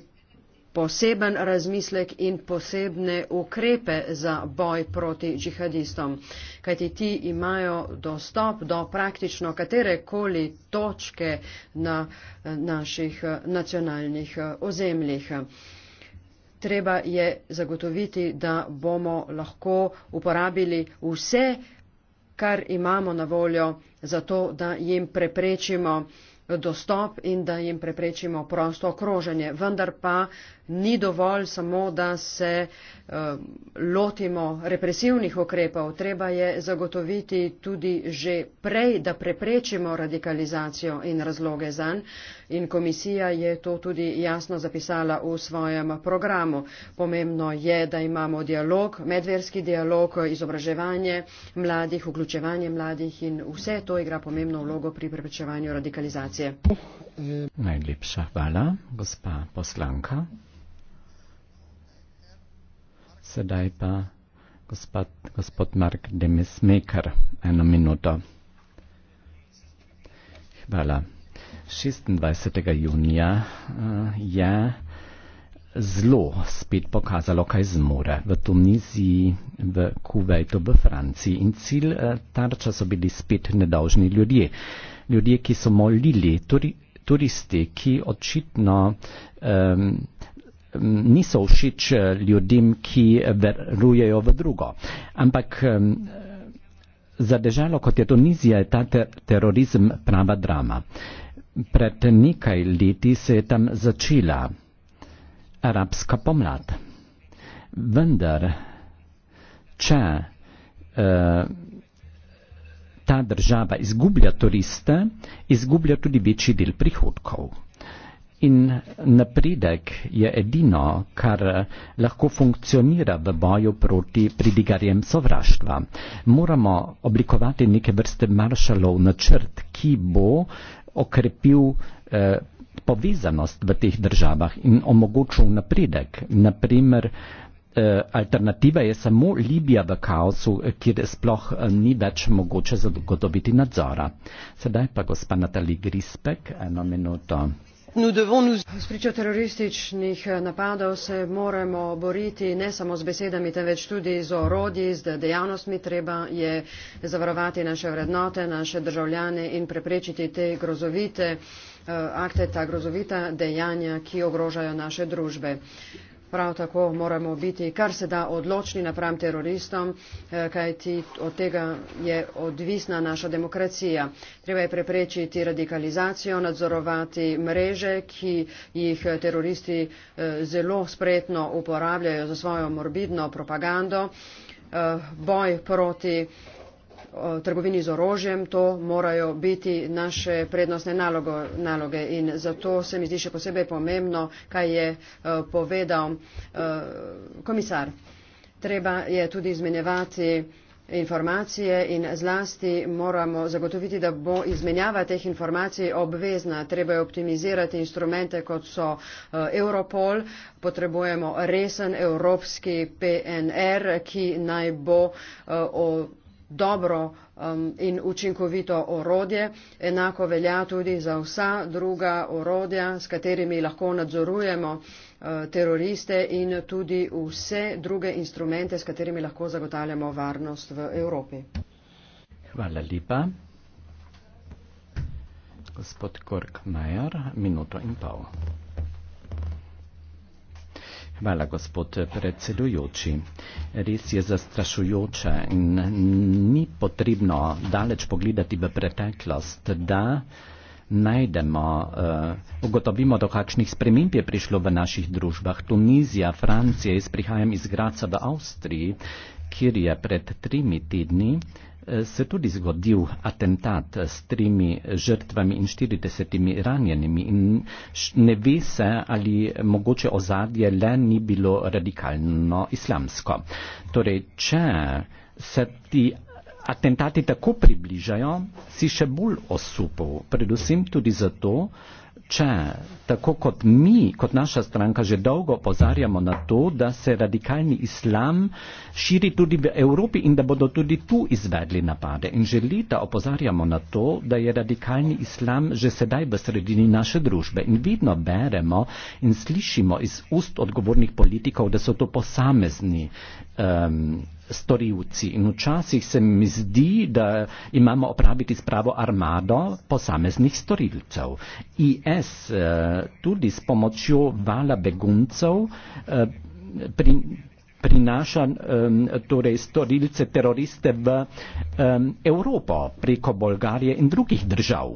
poseben razmislek in posebne ukrepe za boj proti džihadistom, kajti ti imajo dostop do praktično katerekoli točke na naših nacionalnih eh, ozemljih. Treba je zagotoviti, da bomo lahko uporabili vse, kar imamo na voljo, zato da jim preprečimo dostop in da jim preprečimo prosto okroženje. Vendar pa ni dovolj samo, da se eh, lotimo represivnih ukrepov, treba je zagotoviti tudi že prej, da preprečimo radikalizacijo in razloge zanj. In komisija je to tudi jasno zapisala v svojem programu. Pomembno je, da imamo dialog, medverski dialog, izobraževanje mladih, vključevanje mladih in vse to igra pomembno vlogo pri preprečevanju radikalizacije. Najlepša hvala, gospa poslanka. Sedaj pa gospod, gospod Mark Demesmaker, eno minuto. Hvala. 26. junija uh, je zelo spet pokazalo, kaj zmore v Tuniziji, v Kuwaitu, v Franciji. In cilj uh, tarča so bili spet nedolžni ljudje. Ljudje, ki so molili, turi, turisti, ki očitno. Um, niso všeč eh, ljudem, ki eh, verujejo v drugo. Ampak za državo, kot je Tunizija, je ta ter terorizem prava drama. Pred nekaj leti se je tam začela arabska pomlad. Vendar, če uh, ta država izgublja turiste, izgublja tudi večji del prihodkov. In napredek je edino, kar lahko funkcionira v boju proti pridigarjem sovraštva. Moramo oblikovati neke vrste maršalov načrt, ki bo okrepil eh, povezanost v teh državah in omogočil napredek. Naprimer, eh, Alternativa je samo Libija v kaosu, kjer sploh eh, ni več mogoče zagotoviti nadzora. Sedaj pa gospa Natali Grispek, eno minuto spričo terorističnih eh, napadov se moramo boriti ne samo z besedami temveč tudi z orodji z dejavnostmi treba je zavarovati naše vrednote naše državljane in preprečiti te grozovite eh, akte ta grozovita dejanja ki ogrožajo naše družbe. Prav tako moramo biti kar se da odločni napram teroristom, eh, kajti od tega je odvisna naša demokracija. Treba je preprečiti radikalizacijo, nadzorovati mreže, ki jih teroristi eh, zelo spretno uporabljajo za svojo morbidno propagando, eh, boj proti trgovini z orožjem, to morajo biti naše prednostne nalogo, naloge. In zato se mi zdi še posebej pomembno, kaj je uh, povedal uh, komisar. Treba je tudi izmenjevati informacije in zlasti moramo zagotoviti, da bo izmenjava teh informacij obvezna. Treba je optimizirati instrumente, kot so eh, Europol, potrebujemo resen evropski PNR, ki naj bo dobro um, in učinkovito orodje. Enako velja tudi za vsa druga orodja, s katerimi lahko nadzorujemo uh, teroriste in tudi vse druge instrumente, s katerimi lahko zagotavljamo varnost v Evropi. Hvala lepa. Gospod Korkmajer, minuto in pol. Hvala, gospod predsedujoči. Res je zastrašujoče in ni potrebno daleč pogledati v preteklost, da najdemo, uh, ugotovimo, do kakšnih sprememb je prišlo v naših družbah. Tunizija, Francija, jaz prihajam iz Graca v Avstriji, kjer je pred tremi tedni se tudi zgodil atentat s trimi žrtvami in 40 ranjenimi in ne ve se, ali mogoče ozadje le ni bilo radikalno islamsko. Torej, če se ti atentati tako približajo, si še bolj osupov, predvsem tudi zato, če tako kot mi, kot naša stranka že dolgo opozarjamo na to, da se radikalni islam širi tudi v Evropi in da bodo tudi tu izvedli napade. In že leta opozarjamo na to, da je radikalni islam že sedaj v sredini naše družbe. In vidno beremo in slišimo iz ust odgovornih politikov, da so to posamezni. Um, storilci. In včasih se mi zdi, da imamo opraviti spravo armado posameznih storilcev. IS eh, tudi s pomočjo vala beguncev eh, pri, prinaša torej storilce teroriste v Evropo preko Bolgarije in drugih držav.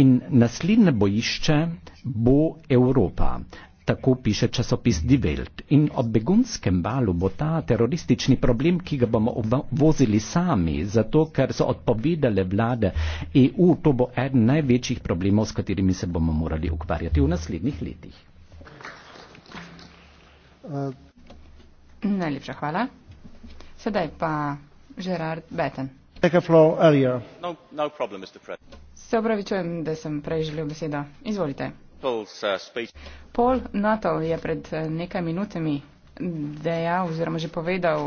In naslednje bojišče bo Evropa tako piše časopis Die Welt. In ob begunskem valu bo ta teroristični problem, ki ga bomo vozili sami, zato ker so odpovedale vlade EU, to bo eden največjih problemov, s katerimi se bomo morali ukvarjati v naslednjih letih. Uh. Najlepša hvala. Sedaj pa Gerard Betten. No, no problem, se upravičujem, da sem prej želel besedo. Izvolite. Uh, Paul Nuttall je pred uh, nekaj minutami dejal oziroma že povedal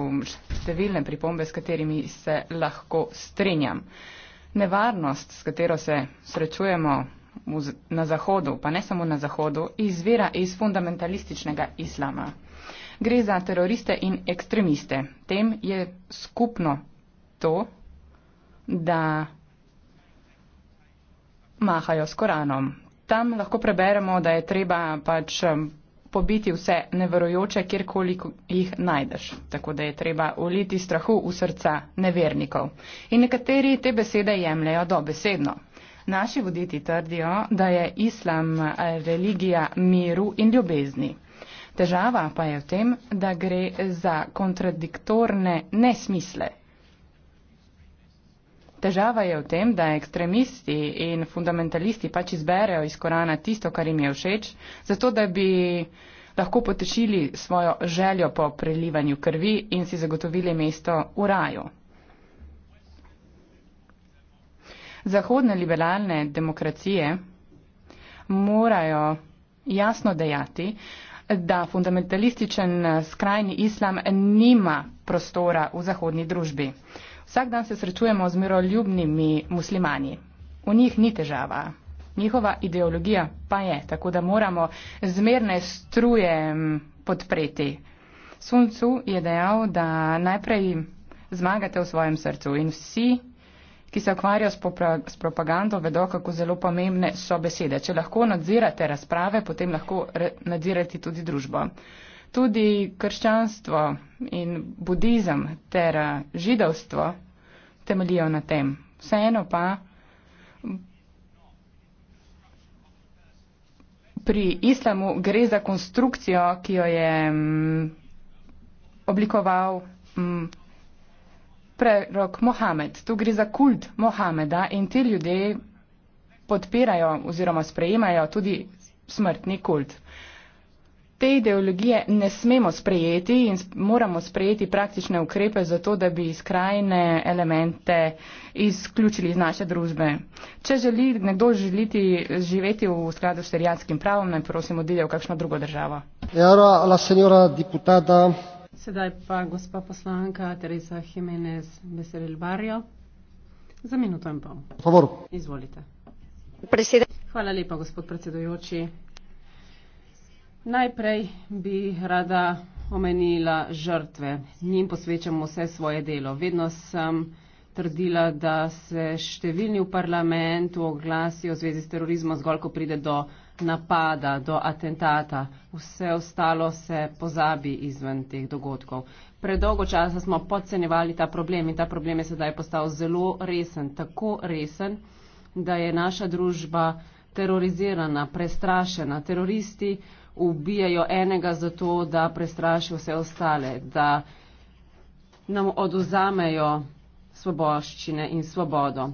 številne pripombe, s katerimi se lahko strinjam. Nevarnost, s katero se srečujemo na Zahodu, pa ne samo na Zahodu, izvira iz fundamentalističnega islama. Gre za teroriste in ekstremiste. Tem je skupno to, da mahajo s Koranom. Tam lahko preberemo, da je treba pač um, pobiti vse neverojoče, kjerkoli jih najdeš. Tako da je treba uliti strahu v srca nevernikov. In nekateri te besede jemljajo dobesedno. Naši voditi trdijo, da je islam eh, religija miru in ljubezni. Težava pa je v tem, da gre za kontradiktorne nesmisle Težava je v tem, da ekstremisti in fundamentalisti pač izberejo iz Korana tisto, kar jim je všeč, zato da bi lahko potešili svojo željo po prelivanju krvi in si zagotovili mesto v raju. Zahodne liberalne demokracije morajo jasno dejati, da fundamentalističen skrajni islam nima prostora v zahodni družbi. Vsak dan se srečujemo z miroljubnimi muslimani. V njih ni težava. Njihova ideologija pa je, tako da moramo zmerne struje mm, podpreti. Suncu je dejal, da najprej zmagate v svojem srcu in vsi, ki se okvarjajo s, s propagando, vedo, kako zelo pomembne so besede. Če lahko nadzirate razprave, potem lahko nadzirate tudi družbo tudi krščanstvo in budizem ter eh, židovstvo temeljijo na tem. Vseeno pa pri islamu gre za konstrukcijo, ki jo je mm, oblikoval mm, prerok Mohamed. Tu gre za kult Mohameda in ti ljudje podpirajo oziroma sprejemajo tudi smrtni kult te ideologije ne smemo sprejeti in moramo sprejeti praktične ukrepe za to, da bi skrajne elemente izključili iz naše družbe. Če želi nekdo želiti živeti v skladu s šterijanskim pravom, naj prosim odide v kakšno drugo državo. Sedaj pa gospa poslanka Teresa Jimenez Beseril Barrio. Za minuto in pol. Izvolite. Hvala lepa, gospod predsedujoči. Najprej bi rada omenila žrtve. Njim posvečamo vse svoje delo. Vedno sem trdila, da se številni v parlamentu oglasijo v zvezi s terorizmom zgolj, ko pride do napada, do atentata. Vse ostalo se pozabi izven teh dogodkov. Predolgo časa smo podcenjevali ta problem in ta problem je sedaj postal zelo resen, tako resen, da je naša družba terorizirana, prestrašena. Teroristi ubijajo enega zato, da prestrašijo vse ostale, da nam oduzamejo svoboščine in svobodo.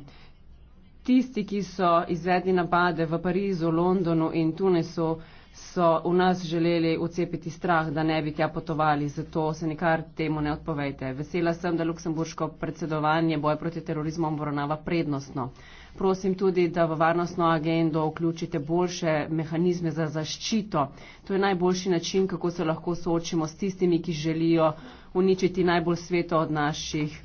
Tisti, ki so izvedli napade v Parizu, Londonu in Tunisu, so v nas želeli ucepiti strah, da ne bi tja potovali, zato se nikar temu ne odpovejte. Vesela sem, da luksemburško predsedovanje boja proti terorizmu obravnava prednostno. Prosim tudi, da v varnostno agendo vključite boljše mehanizme za zaščito. To je najboljši način, kako se lahko soočimo s tistimi, ki želijo uničiti najbolj sveto od naših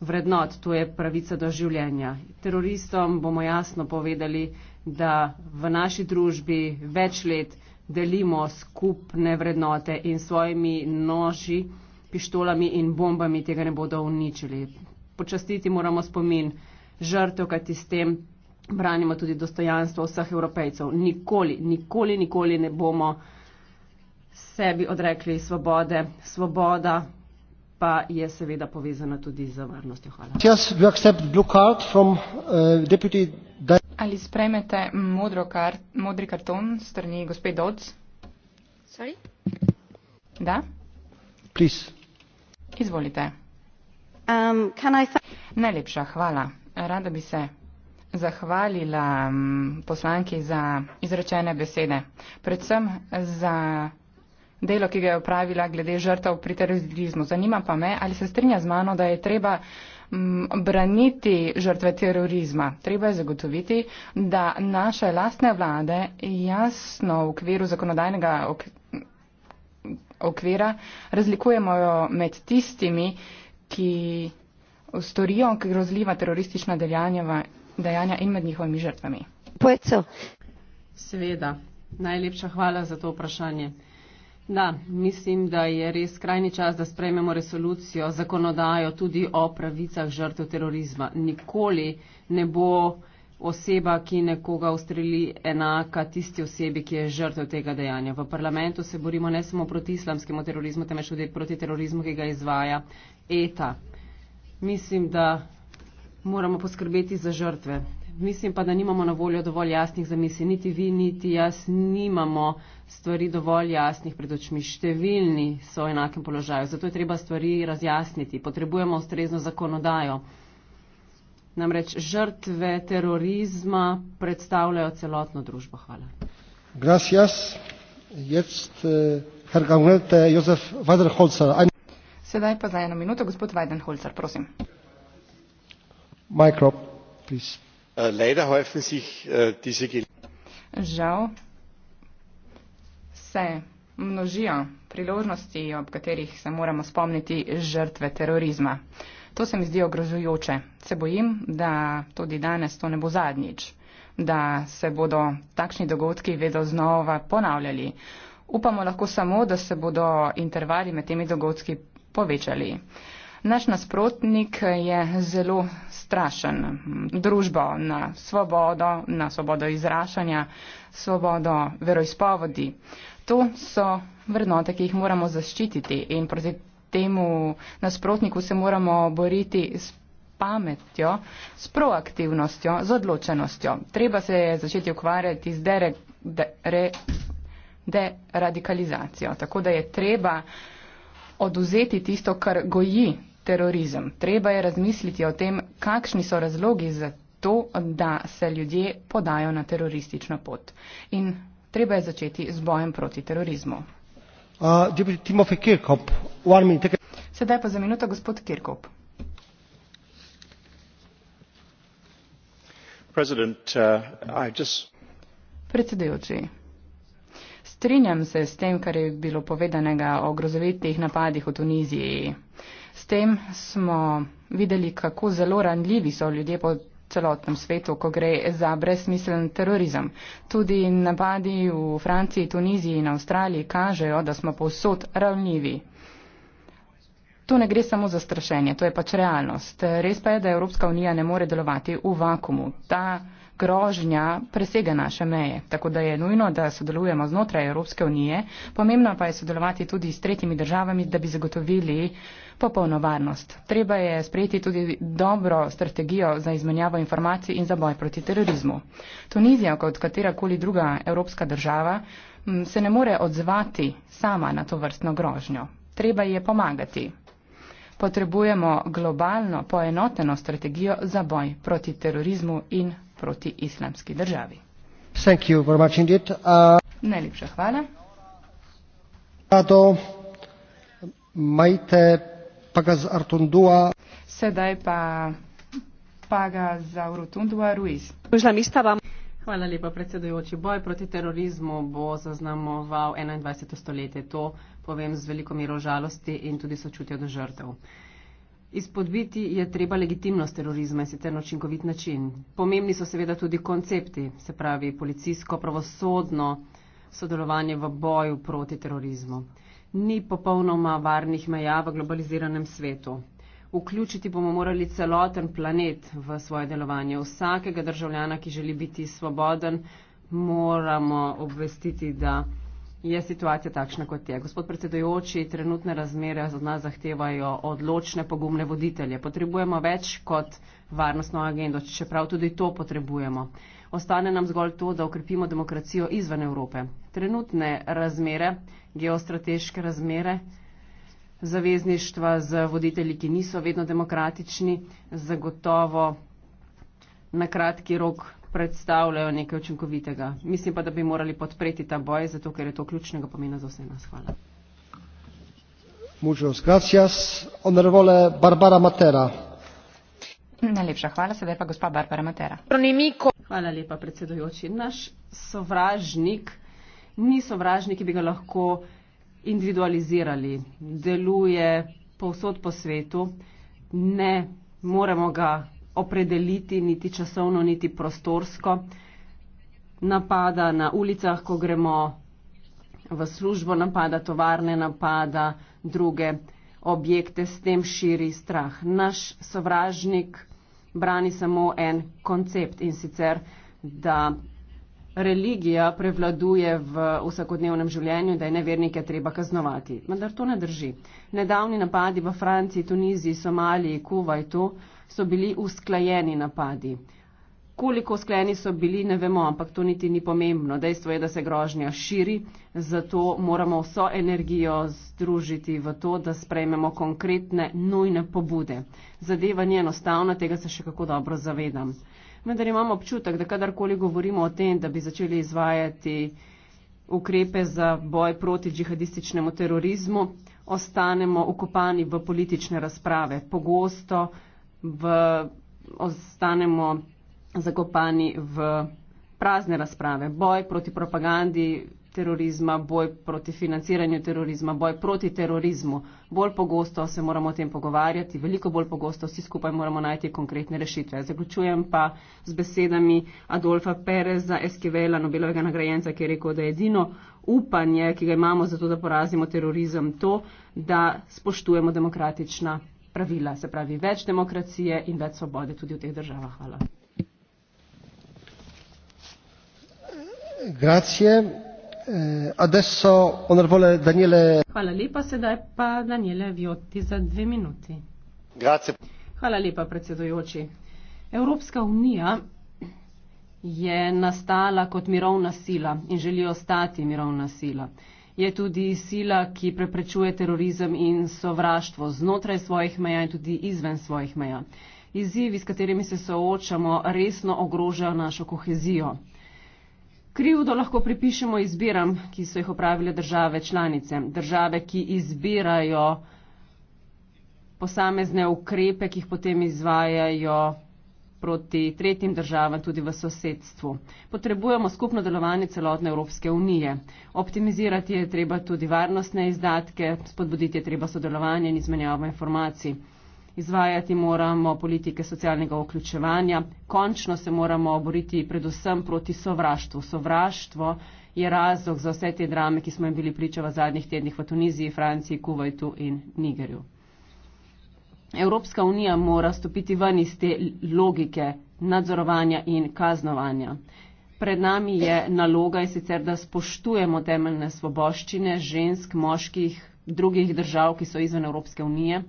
vrednot, to je pravica do življenja. Teroristom bomo jasno povedali, da v naši družbi več let delimo skupne vrednote in svojimi noži, pištolami in bombami tega ne bodo uničili. Počastiti moramo spomin žrtev, kajti s tem branimo tudi dostojanstvo vseh evropejcev. Nikoli, nikoli, nikoli ne bomo sebi odrekli svobode. Svoboda pa je seveda povezana tudi z varnostjo. Hvala. Uh, Ali sprejmete modro kar, modri karton strani gospe Dodds? Sorry? Da? Please. Izvolite. Um, Najlepša hvala. Rada bi se zahvalila mm, poslanki za izrečene besede, predvsem za delo, ki ga je upravila glede žrtev pri terorizmu. Zanima pa me, ali se strinja z mano, da je treba mm, braniti žrtve terorizma. Treba je zagotoviti, da naše lastne vlade jasno v okviru zakonodajnega okvira razlikujemo med tistimi, ki storijo grozljiva teroristična dejanja in med njihovimi žrtvami? Pojco. Seveda. Najlepša hvala za to vprašanje. Da, mislim, da je res krajni čas, da sprejmemo resolucijo, zakonodajo tudi o pravicah žrtev terorizma. Nikoli ne bo oseba, ki nekoga ustreli, enaka tisti osebi, ki je žrtev tega dejanja. V parlamentu se borimo ne samo proti islamskemu terorizmu, temveč tudi proti terorizmu, ki ga izvaja ETA, mislim, da moramo poskrbeti za žrtve. Mislim pa, da nimamo na voljo dovolj jasnih zamisli. Niti vi, niti jaz nimamo stvari dovolj jasnih pred očmi. Številni so v enakem položaju. Zato je treba stvari razjasniti. Potrebujemo ustrezno zakonodajo. Namreč žrtve terorizma predstavljajo celotno družbo. Hvala. Gracias. Jetzt, eh, Herr Gangelte, Josef Waderholzer. Sedaj pa za eno minuto, gospod Weidenholzer, prosim. Micro, äh, äh, Žal se množijo priložnosti, ob katerih se moramo spomniti žrtve terorizma. To se mi zdi ogrožujoče. Se bojim, da tudi danes to ne bo zadnjič, da se bodo takšni dogodki vedno znova ponavljali. Upamo lahko samo, da se bodo intervali med temi dogodki povečali. Naš nasprotnik je zelo strašen. Družbo na svobodo, na svobodo izražanja, svobodo veroizpovedi. To so vrednote, ki jih moramo zaščititi in proti temu nasprotniku se moramo boriti s pametjo, s proaktivnostjo, z odločenostjo. Treba se je začeti ukvarjati z dere, de, re, deradikalizacijo. Tako da je treba oduzeti tisto, kar goji terorizem. Treba je razmisliti o tem, kakšni so razlogi za to, da se ljudje podajo na teroristično pot. In treba je začeti z bojem proti terorizmu. Uh, Sedaj pa za minuto gospod Kirkop. Uh, Predsedujoči. Strinjam se s tem, kar je bilo povedanega o grozovitih napadih v Tuniziji. S tem smo videli, kako zelo ranljivi so ljudje po celotnem svetu, ko gre za brezmislen terorizem. Tudi napadi v Franciji, Tuniziji in Avstraliji kažejo, da smo povsod ranljivi. To ne gre samo za strašenje, to je pač realnost. Res pa je, da Evropska unija ne more delovati v vakumu. Ta grožnja presega naše meje. Tako da je nujno, da sodelujemo znotraj Evropske unije, pomembno pa je sodelovati tudi s tretjimi državami, da bi zagotovili popolno varnost. Treba je sprejeti tudi dobro strategijo za izmenjavo informacij in za boj proti terorizmu. Tunizija, kot katerakoli druga evropska država, se ne more odzvati sama na to vrstno grožnjo. Treba je pomagati. Potrebujemo globalno poenoteno strategijo za boj proti terorizmu in proti islamski državi. Thank you very much indeed. Uh, Najlepša hvala. Rado, majte pagaz artundua. Sedaj pa pagaz artundua Ruiz. Hvala lepa, predsedujoči. Boj proti terorizmu bo zaznamoval 21. stoletje. To povem z veliko mero žalosti in tudi sočutja do žrtev. Izpodbiti je treba legitimnost terorizma in sicer na učinkovit način. Pomembni so seveda tudi koncepti, se pravi policijsko, pravosodno sodelovanje v boju proti terorizmu. Ni popolnoma varnih meja v globaliziranem svetu. Vključiti bomo morali celoten planet v svoje delovanje. Vsakega državljana, ki želi biti svoboden, moramo obvestiti, da. Je situacija takšna, kot je. Gospod predsedujoči, trenutne razmere od nas zahtevajo odločne, pogumne voditelje. Potrebujemo več kot varnostno agendo, čeprav tudi to potrebujemo. Ostane nam zgolj to, da okrepimo demokracijo izven Evrope. Trenutne razmere, geostrateške razmere, zavezništva z voditelji, ki niso vedno demokratični, zagotovo na kratki rok predstavljajo nekaj učinkovitega. Mislim pa, da bi morali podpreti ta boj, zato ker je to ključnega pomena za vse nas. Hvala. Najlepša hvala, sedaj pa gospa Barbara Matera. Hvala lepa, predsedujoči. Naš sovražnik ni sovražnik, ki bi ga lahko individualizirali. Deluje povsod po svetu, ne moremo ga opredeliti niti časovno, niti prostorsko. Napada na ulicah, ko gremo v službo, napada tovarne, napada druge objekte, s tem širi strah. Naš sovražnik brani samo en koncept in sicer, da religija prevladuje v vsakodnevnem življenju, da je nevernike treba kaznovati. Vendar to ne drži. Nedavni napadi v Franciji, Tuniziji, Somaliji, Kuvajtu so bili usklajeni napadi. Koliko skleni so bili, ne vemo, ampak to niti ni pomembno. Dejstvo je, da se grožnja širi, zato moramo vso energijo združiti v to, da sprejmemo konkretne, nujne pobude. Zadeva ni enostavna, tega se še kako dobro zavedam. Vendar imam občutek, da kadarkoli govorimo o tem, da bi začeli izvajati ukrepe za boj proti džihadističnemu terorizmu, ostanemo ukopani v politične razprave. Pogosto v, ostanemo zakopani v prazne razprave. Boj proti propagandi terorizma, boj proti financiranju terorizma, boj proti terorizmu. Bolj pogosto se moramo o tem pogovarjati, veliko bolj pogosto vsi skupaj moramo najti konkretne rešitve. Zaključujem pa z besedami Adolfa Pereza Eskivela, Nobelovega nagrajenca, ki je rekel, da je edino upanje, ki ga imamo za to, da porazimo terorizem, to, da spoštujemo demokratična pravila, se pravi več demokracije in več svobode tudi v teh državah. Hvala. Grazie. Eh, adesso, onorevole Daniele. Hvala lepa, sedaj pa Daniele Vjoti za dve minuti. Grazie. Hvala lepa, predsedujoči. Evropska unija je nastala kot mirovna sila in želi ostati mirovna sila je tudi sila, ki preprečuje terorizem in sovraštvo znotraj svojih meja in tudi izven svojih meja. Izzivi, s katerimi se soočamo, resno ogrožajo našo kohezijo. Krivdo lahko pripišemo izbiram, ki so jih opravile države članice. Države, ki izbirajo posamezne ukrepe, ki jih potem izvajajo proti tretjim državam tudi v sosedstvu. Potrebujemo skupno delovanje celotne Evropske unije. Optimizirati je treba tudi varnostne izdatke, spodbuditi je treba sodelovanje in izmenjavo informacij. Izvajati moramo politike socialnega vključevanja. Končno se moramo boriti predvsem proti sovraštvu. Sovraštvo je razlog za vse te drame, ki smo jim bili priča v zadnjih tednih v Tuniziji, Franciji, Kuvajtu in Nigerju. Evropska unija mora stopiti ven iz te logike nadzorovanja in kaznovanja. Pred nami je naloga in sicer, da spoštujemo temeljne svoboščine žensk, moških, drugih držav, ki so izven Evropske unije.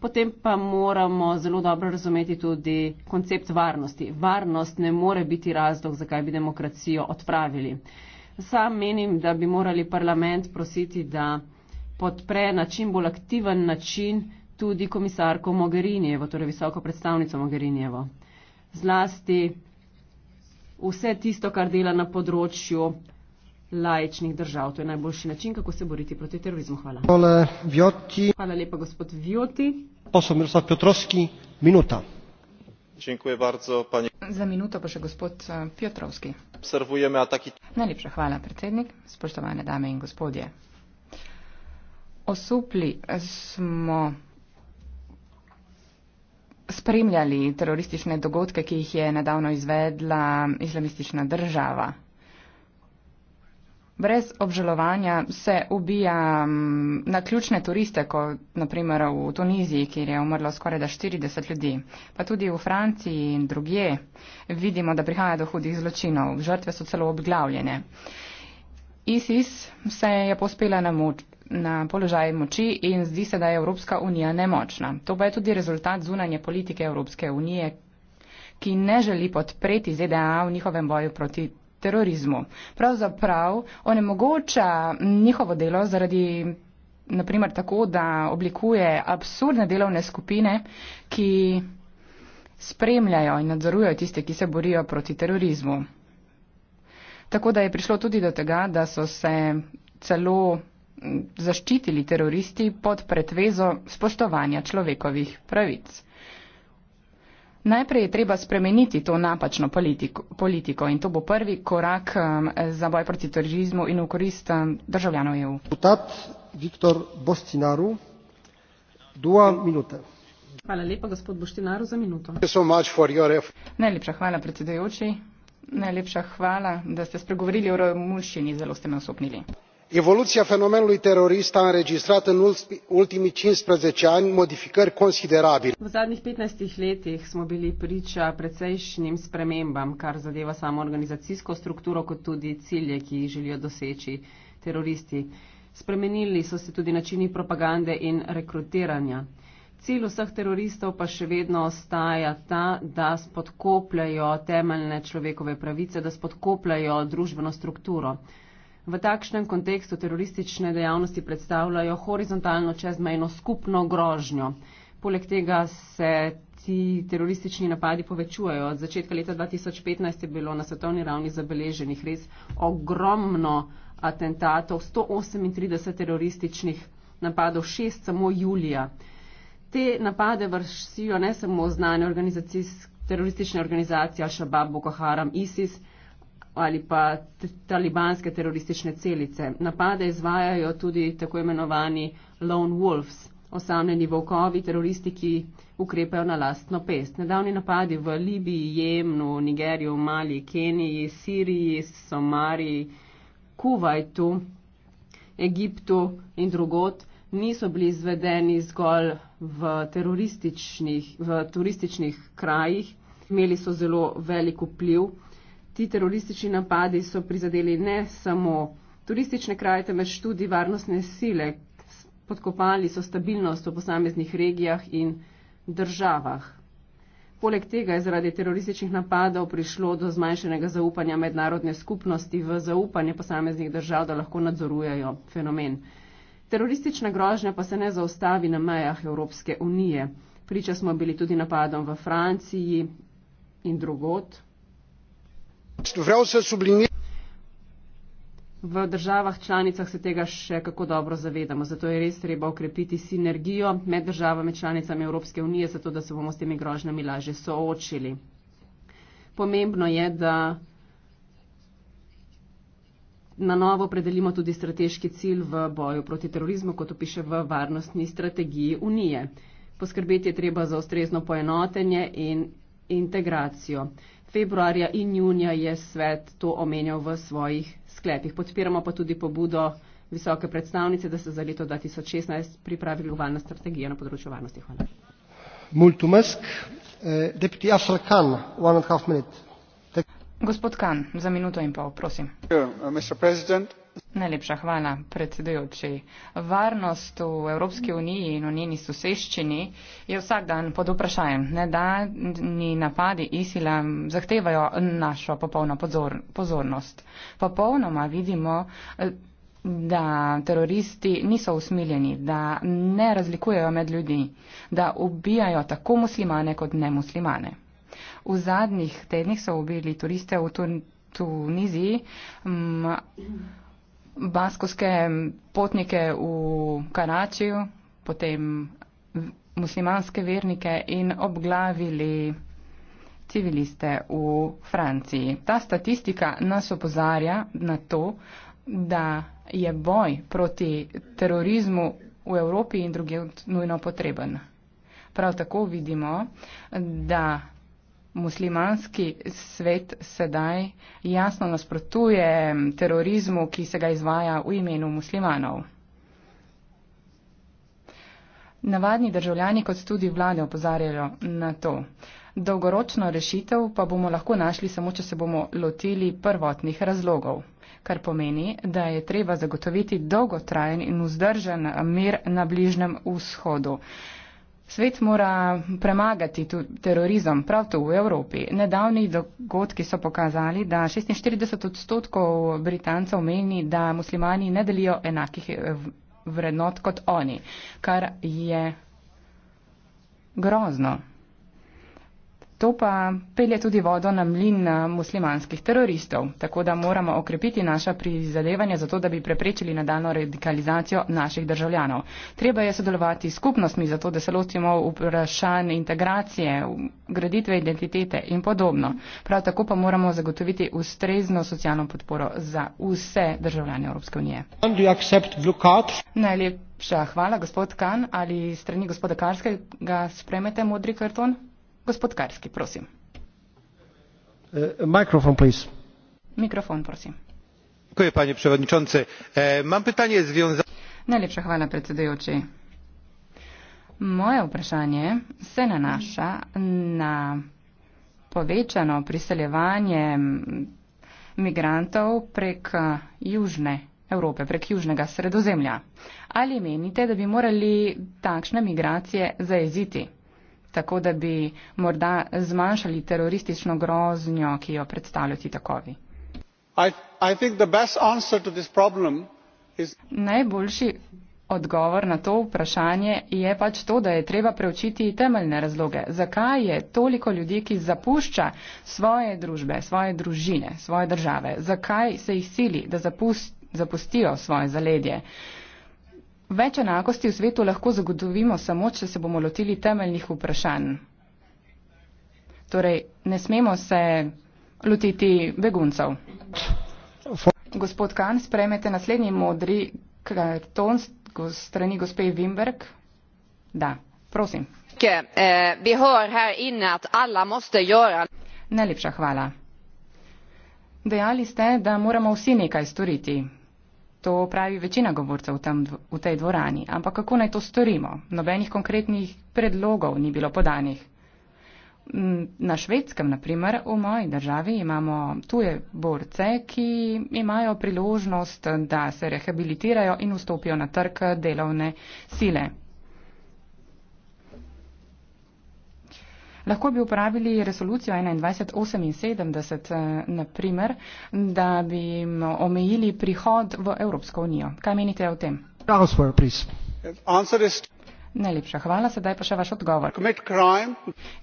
Potem pa moramo zelo dobro razumeti tudi koncept varnosti. Varnost ne more biti razlog, zakaj bi demokracijo odpravili. Sam menim, da bi morali parlament prositi, da podpre na čim bolj aktiven način tudi komisarko Mogherinijevo, torej visoko predstavnico Mogherinijevo. Zlasti vse tisto, kar dela na področju lajičnih držav. To je najboljši način, kako se boriti proti terorizmu. Hvala. Hvala lepa, gospod Vjoti. Posel Miroslav Petrovski, minuta. Bardzo, pani... Za minuto pa še gospod e, Piotrovski. Ataki... Najlepša hvala, predsednik. Spoštovane dame in gospodje. Osupli smo spremljali teroristične dogodke, ki jih je nedavno izvedla islamistična država. Brez obžalovanja se ubija mm, na ključne turiste, kot naprimer v Tuniziji, kjer je umrlo skoraj da 40 ljudi, pa tudi v Franciji in drugje. Vidimo, da prihaja do hudih zločinov, žrtve so celo obglavljene. ISIS se je pospela na moč na položaj moči in zdi se, da je Evropska unija nemočna. To pa je tudi rezultat zunanje politike Evropske unije, ki ne želi podpreti ZDA v njihovem boju proti terorizmu. Pravzaprav onemogoča njihovo delo zaradi. Naprimer tako, da oblikuje absurdne delovne skupine, ki spremljajo in nadzorujejo tiste, ki se borijo proti terorizmu. Tako da je prišlo tudi do tega, da so se celo zaščitili teroristi pod pretvezo spoštovanja človekovih pravic. Najprej je treba spremeniti to napačno politiko, politiko in to bo prvi korak um, za boj proti terorizmu in v korist um, državljanov EU. Deputat Viktor Bostinaru, dva minuta. Hvala lepa, gospod Boštinaru, za minuto. Najlepša hvala, predsedujoči. Najlepša hvala, da ste spregovorili o Romulšini, zelo ste me osupnili evoluția fenomenului terorist a înregistrat în ultimii cincisprezece ani modificări considerabile Spremenili so se tudi načini propagande in rekrutiranja. Cilj vseh teroristov pa še vedno ostaja ta, da spodkopljajo temeljne človekove pravice, da spodkopljajo družbeno strukturo v takšnem kontekstu teroristične dejavnosti predstavljajo horizontalno čezmejno skupno grožnjo. Poleg tega se ti teroristični napadi povečujejo. Od začetka leta 2015 je bilo na svetovni ravni zabeleženih res ogromno atentatov, 138 terorističnih napadov, šest samo julija. Te napade vršijo ne samo znane organizacij, teroristične organizacije Al-Shabaab, Boko Haram, ISIS, ali pa talibanske teroristične celice. Napade izvajajo tudi tako imenovani lone wolves, osamljeni volkovi, teroristi, ki ukrepajo na lastno pest. Nedavni napadi v Libiji, Jemnu, Nigeriju, Mali, Keniji, Siriji, Somariji, Kuwaitu, Egiptu in drugot niso bili izvedeni zgolj v terorističnih, v turističnih krajih. Imeli so zelo velik vpliv ti teroristični napadi so prizadeli ne samo turistične kraje, temveč tudi varnostne sile, podkopali so stabilnost v posameznih regijah in državah. Poleg tega je zaradi terorističnih napadov prišlo do zmanjšenega zaupanja mednarodne skupnosti v zaupanje posameznih držav, da lahko nadzorujejo fenomen. Teroristična grožnja pa se ne zaustavi na mejah Evropske unije. Priča smo bili tudi napadom v Franciji in drugot. V državah članicah se tega še kako dobro zavedamo, zato je res treba ukrepiti sinergijo med državami članicami Evropske unije, zato da se bomo s temi grožnjami lažje soočili. Pomembno je, da na novo predelimo tudi strateški cilj v boju proti terorizmu, kot opiše v varnostni strategiji unije. Poskrbeti je treba za ustrezno poenotenje in integracijo februarja in junija je svet to omenjal v svojih sklepih. Podpiramo pa tudi pobudo visoke predstavnice, da se za leto 2016 pripravi globalna strategija na področju varnosti. Hvala. Multumesk, eh, deputi Asra Khan, one and a half minute. Gospod Khan, za minuto in pol, prosim. Thank you, uh, Mr. President. Najlepša hvala, predsedujoči. Varnost v Evropski uniji in v njeni soseščini je vsak dan pod vprašanjem. Nedavni napadi ISIL-a zahtevajo našo popolno pozor pozornost. Popolnoma vidimo, da teroristi niso usmiljeni, da ne razlikujejo med ljudi, da ubijajo tako muslimane kot nemuslimane. V zadnjih tednih so ubili turiste v Tun Tuniziji. Mm, baskovske potnike v Karačiju, potem muslimanske vernike in obglavili civiliste v Franciji. Ta statistika nas opozarja na to, da je boj proti terorizmu v Evropi in drugje nujno potreben. Prav tako vidimo, da muslimanski svet sedaj jasno nasprotuje terorizmu, ki se ga izvaja v imenu muslimanov. Navadni državljani kot tudi vlade opozarjajo na to. Dolgoročno rešitev pa bomo lahko našli samo, če se bomo lotili prvotnih razlogov, kar pomeni, da je treba zagotoviti dolgotrajen in vzdržen mir na Bližnem vzhodu. Svet mora premagati tu terorizem, prav tu v Evropi. Nedavni dogodki so pokazali, da 46 odstotkov Britancev meni, da muslimani ne delijo enakih eh, vrednot kot oni, kar je grozno. To pa pelje tudi vodo na mlin muslimanskih teroristov, tako da moramo okrepiti naša prizadevanja za to, da bi preprečili nadaljno radikalizacijo naših državljanov. Treba je sodelovati s skupnostmi za to, da se lotimo vprašanj integracije, graditve identitete in podobno. Prav tako pa moramo zagotoviti ustrezno socialno podporo za vse državljane Evropske unije. Najlepša hvala, gospod Kan. Ali strani gospoda Karskega spremete modri karton? Gospod Karski, prosim. E, mikrofon, please. Mikrofon, prosim. Dziękuję, panie przewodniczący. E, mam pytanie związane. Najlepsza chwała, przewodniczący. Moje pytanie se nanasza na powiększone przyseljowanie migrantów prek Jużne. Evrope prek južnega sredozemlja. Ali menite, da bi morali takšne migracije zaeziti? tako da bi morda zmanjšali teroristično groznjo, ki jo predstavljajo ti takovi. Najboljši odgovor na to vprašanje je pač to, da je treba preučiti temeljne razloge, zakaj je toliko ljudi, ki zapušča svoje družbe, svoje družine, svoje države, zakaj se jih sili, da zapustijo svoje zaledje. Več enakosti v svetu lahko zagotovimo samo, če se bomo lotili temeljnih vprašanj. Torej, ne smemo se lotiti beguncev. Gospod Kan, sprejmete naslednji modri karton strani gospe Wimberg? Da, prosim. Eh, Najlepša hvala. Dejali ste, da moramo vsi nekaj storiti. To pravi večina govorcev v, tem, v tej dvorani. Ampak kako naj to storimo? Nobenih konkretnih predlogov ni bilo podanih. Mm, na švedskem, naprimer, v moji državi imamo tuje borce, ki imajo priložnost, da se rehabilitirajo in vstopijo na trg delovne sile. Lahko bi uporabili resolucijo 2178, eh, naprimer, da bi omejili prihod v Evropsko unijo. Kaj menite o tem? Najlepša hvala, sedaj pa še vaš odgovor.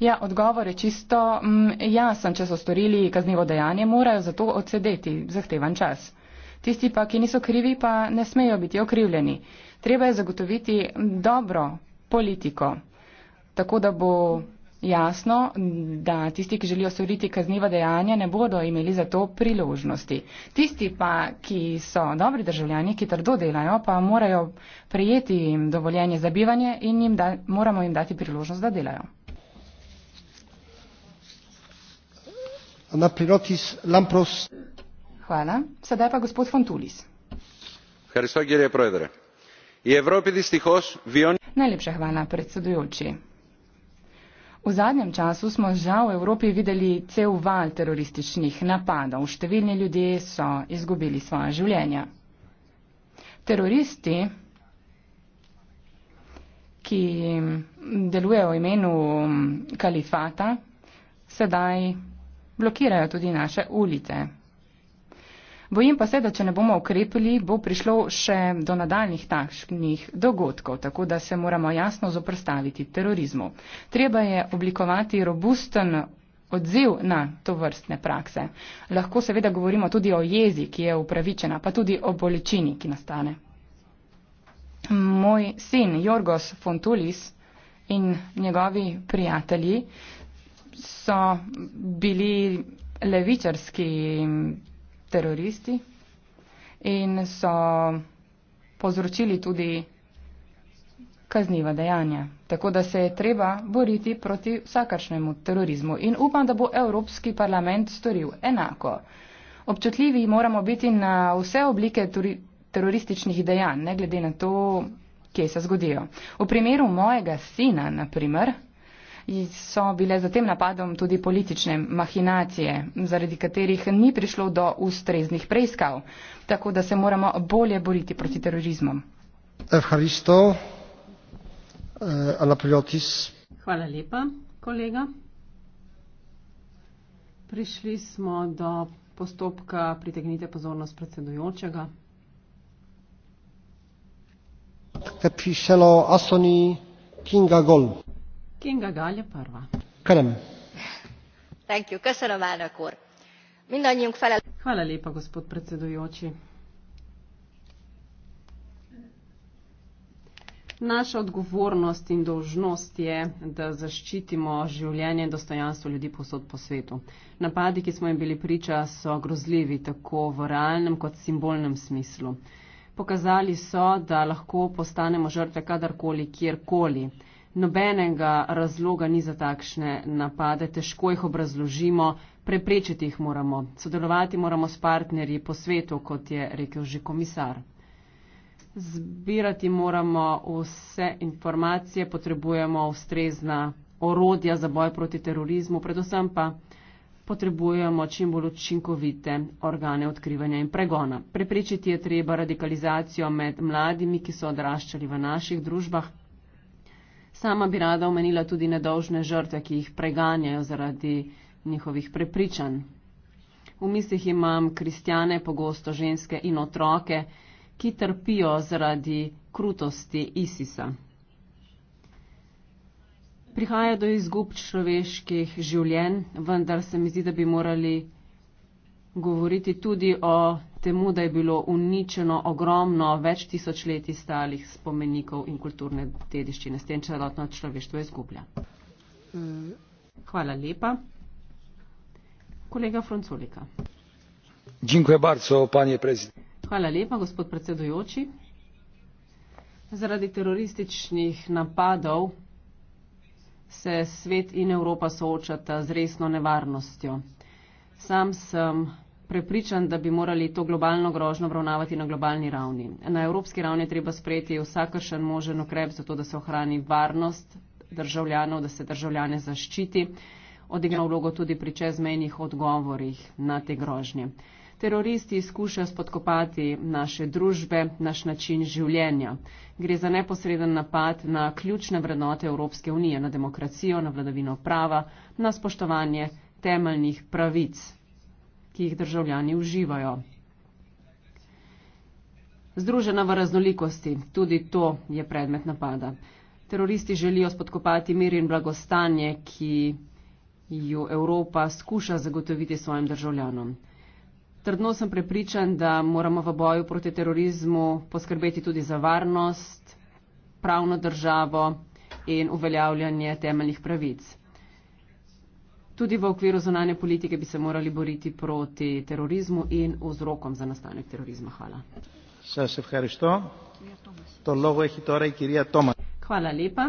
Ja, odgovor je čisto mm, jasen. Če so storili kaznivo dejanje, morajo za to odsedeti zahtevan čas. Tisti pa, ki niso krivi, pa ne smejo biti okrivljeni. Treba je zagotoviti dobro politiko, tako da bo jasno, da tisti, ki želijo storiti kazniva dejanja, ne bodo imeli za to priložnosti. Tisti pa, ki so dobri državljani, ki trdo delajo, pa morajo prijeti jim dovoljenje za bivanje in jim da, moramo jim dati priložnost, da delajo. Hvala. Sedaj pa gospod Fontulis. Najlepša hvala predsedujoči. V zadnjem času smo žal v Evropi videli cel val terorističnih napadov. Številni ljudje so izgubili svoje življenja. Teroristi, ki delujejo v imenu kalifata, sedaj blokirajo tudi naše ulice. Bojim pa se, da če ne bomo ukrepili, bo prišlo še do nadaljnih takšnih dogodkov, tako da se moramo jasno zoprstaviti terorizmu. Treba je oblikovati robusten odziv na to vrstne prakse. Lahko seveda govorimo tudi o jezi, ki je upravičena, pa tudi o bolečini, ki nastane. Moj sin Jorgos Fontulis in njegovi prijatelji so bili levičarski teroristi in so povzročili tudi kazniva dejanja. Tako da se je treba boriti proti vsakršnemu terorizmu in upam, da bo Evropski parlament storil enako. Občutljivi moramo biti na vse oblike terorističnih dejanj, ne glede na to, kje se zgodijo. V primeru mojega sina, na primer, so bile za tem napadom tudi politične mahinacije, zaradi katerih ni prišlo do ustreznih preiskav, tako da se moramo bolje boriti proti terorizmom. Evharisto, eh, Anapriotis. Hvala lepa, kolega. Prišli smo do postopka pritegnite pozornost predsedujočega. Kaj pišelo Asoni Kinga Gol? naša odgovornost in dolžnost je da zaščitimo življenje in dostojanstvo ljudi posod po svetu napadi ki smo jim bili priča so grozljivi tako v realnem kot simbolnem smislu pokazali so da lahko postanemo žrtve kadarkoli kjerkoli nobenega razloga ni za takšne napade, težko jih obrazložimo, preprečiti jih moramo, sodelovati moramo s partnerji po svetu, kot je rekel že komisar. Zbirati moramo vse informacije, potrebujemo ustrezna orodja za boj proti terorizmu, predvsem pa potrebujemo čim bolj učinkovite organe odkrivanja in pregona. Preprečiti je treba radikalizacijo med mladimi, ki so odraščali v naših družbah, Sama bi rada omenila tudi nedolžne žrtve, ki jih preganjajo zaradi njihovih prepričanj. V mislih imam kristjane, pogosto ženske in otroke, ki trpijo zaradi krutosti Isisa. Prihaja do izgub človeških življenj, vendar se mi zdi, da bi morali govoriti tudi o temu, da je bilo uničeno ogromno več tisočletij stalih spomenikov in kulturne dediščine, s tem celotno človeštvo izgublja. Hvala lepa. Kolega Francolika. Hvala lepa, gospod predsedujoči. Zaradi terorističnih napadov se svet in Evropa soočata z resno nevarnostjo. Sam sem prepričan, da bi morali to globalno grožno obravnavati na globalni ravni. Na evropski ravni je treba sprejeti vsakršen možen ukrep za to, da se ohrani varnost državljanov, da se državljane zaščiti. Odigra vlogo tudi pri čezmejnih odgovorih na te grožnje. Teroristi skušajo spodkopati naše družbe, naš način življenja. Gre za neposreden napad na ključne vrednote Evropske unije, na demokracijo, na vladavino prava, na spoštovanje temeljnih pravic ki jih državljani uživajo. Združena v raznolikosti, tudi to je predmet napada. Teroristi želijo spodkopati mir in blagostanje, ki jo Evropa skuša zagotoviti svojim državljanom. Trdno sem prepričan, da moramo v boju proti terorizmu poskrbeti tudi za varnost, pravno državo in uveljavljanje temeljnih pravic. Tudi v okviru zonanje politike bi se morali boriti proti terorizmu in vzrokom za nastanek terorizma. Hvala. Hvala lepa.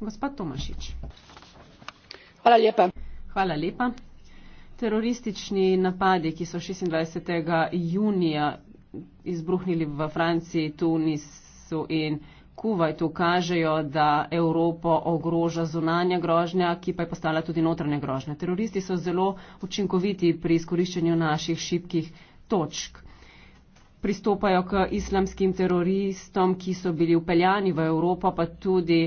Gospod Tomašič. Hvala lepa. Hvala lepa. Teroristični napadi, ki so 26. junija izbruhnili v Franciji, Tunisu in Kuwaitu kažejo, da Evropo ogroža zunanja grožnja, ki pa je postala tudi notranja grožnja. Teroristi so zelo učinkoviti pri izkoriščanju naših šibkih točk. Pristopajo k islamskim teroristom, ki so bili upeljani v Evropo, pa tudi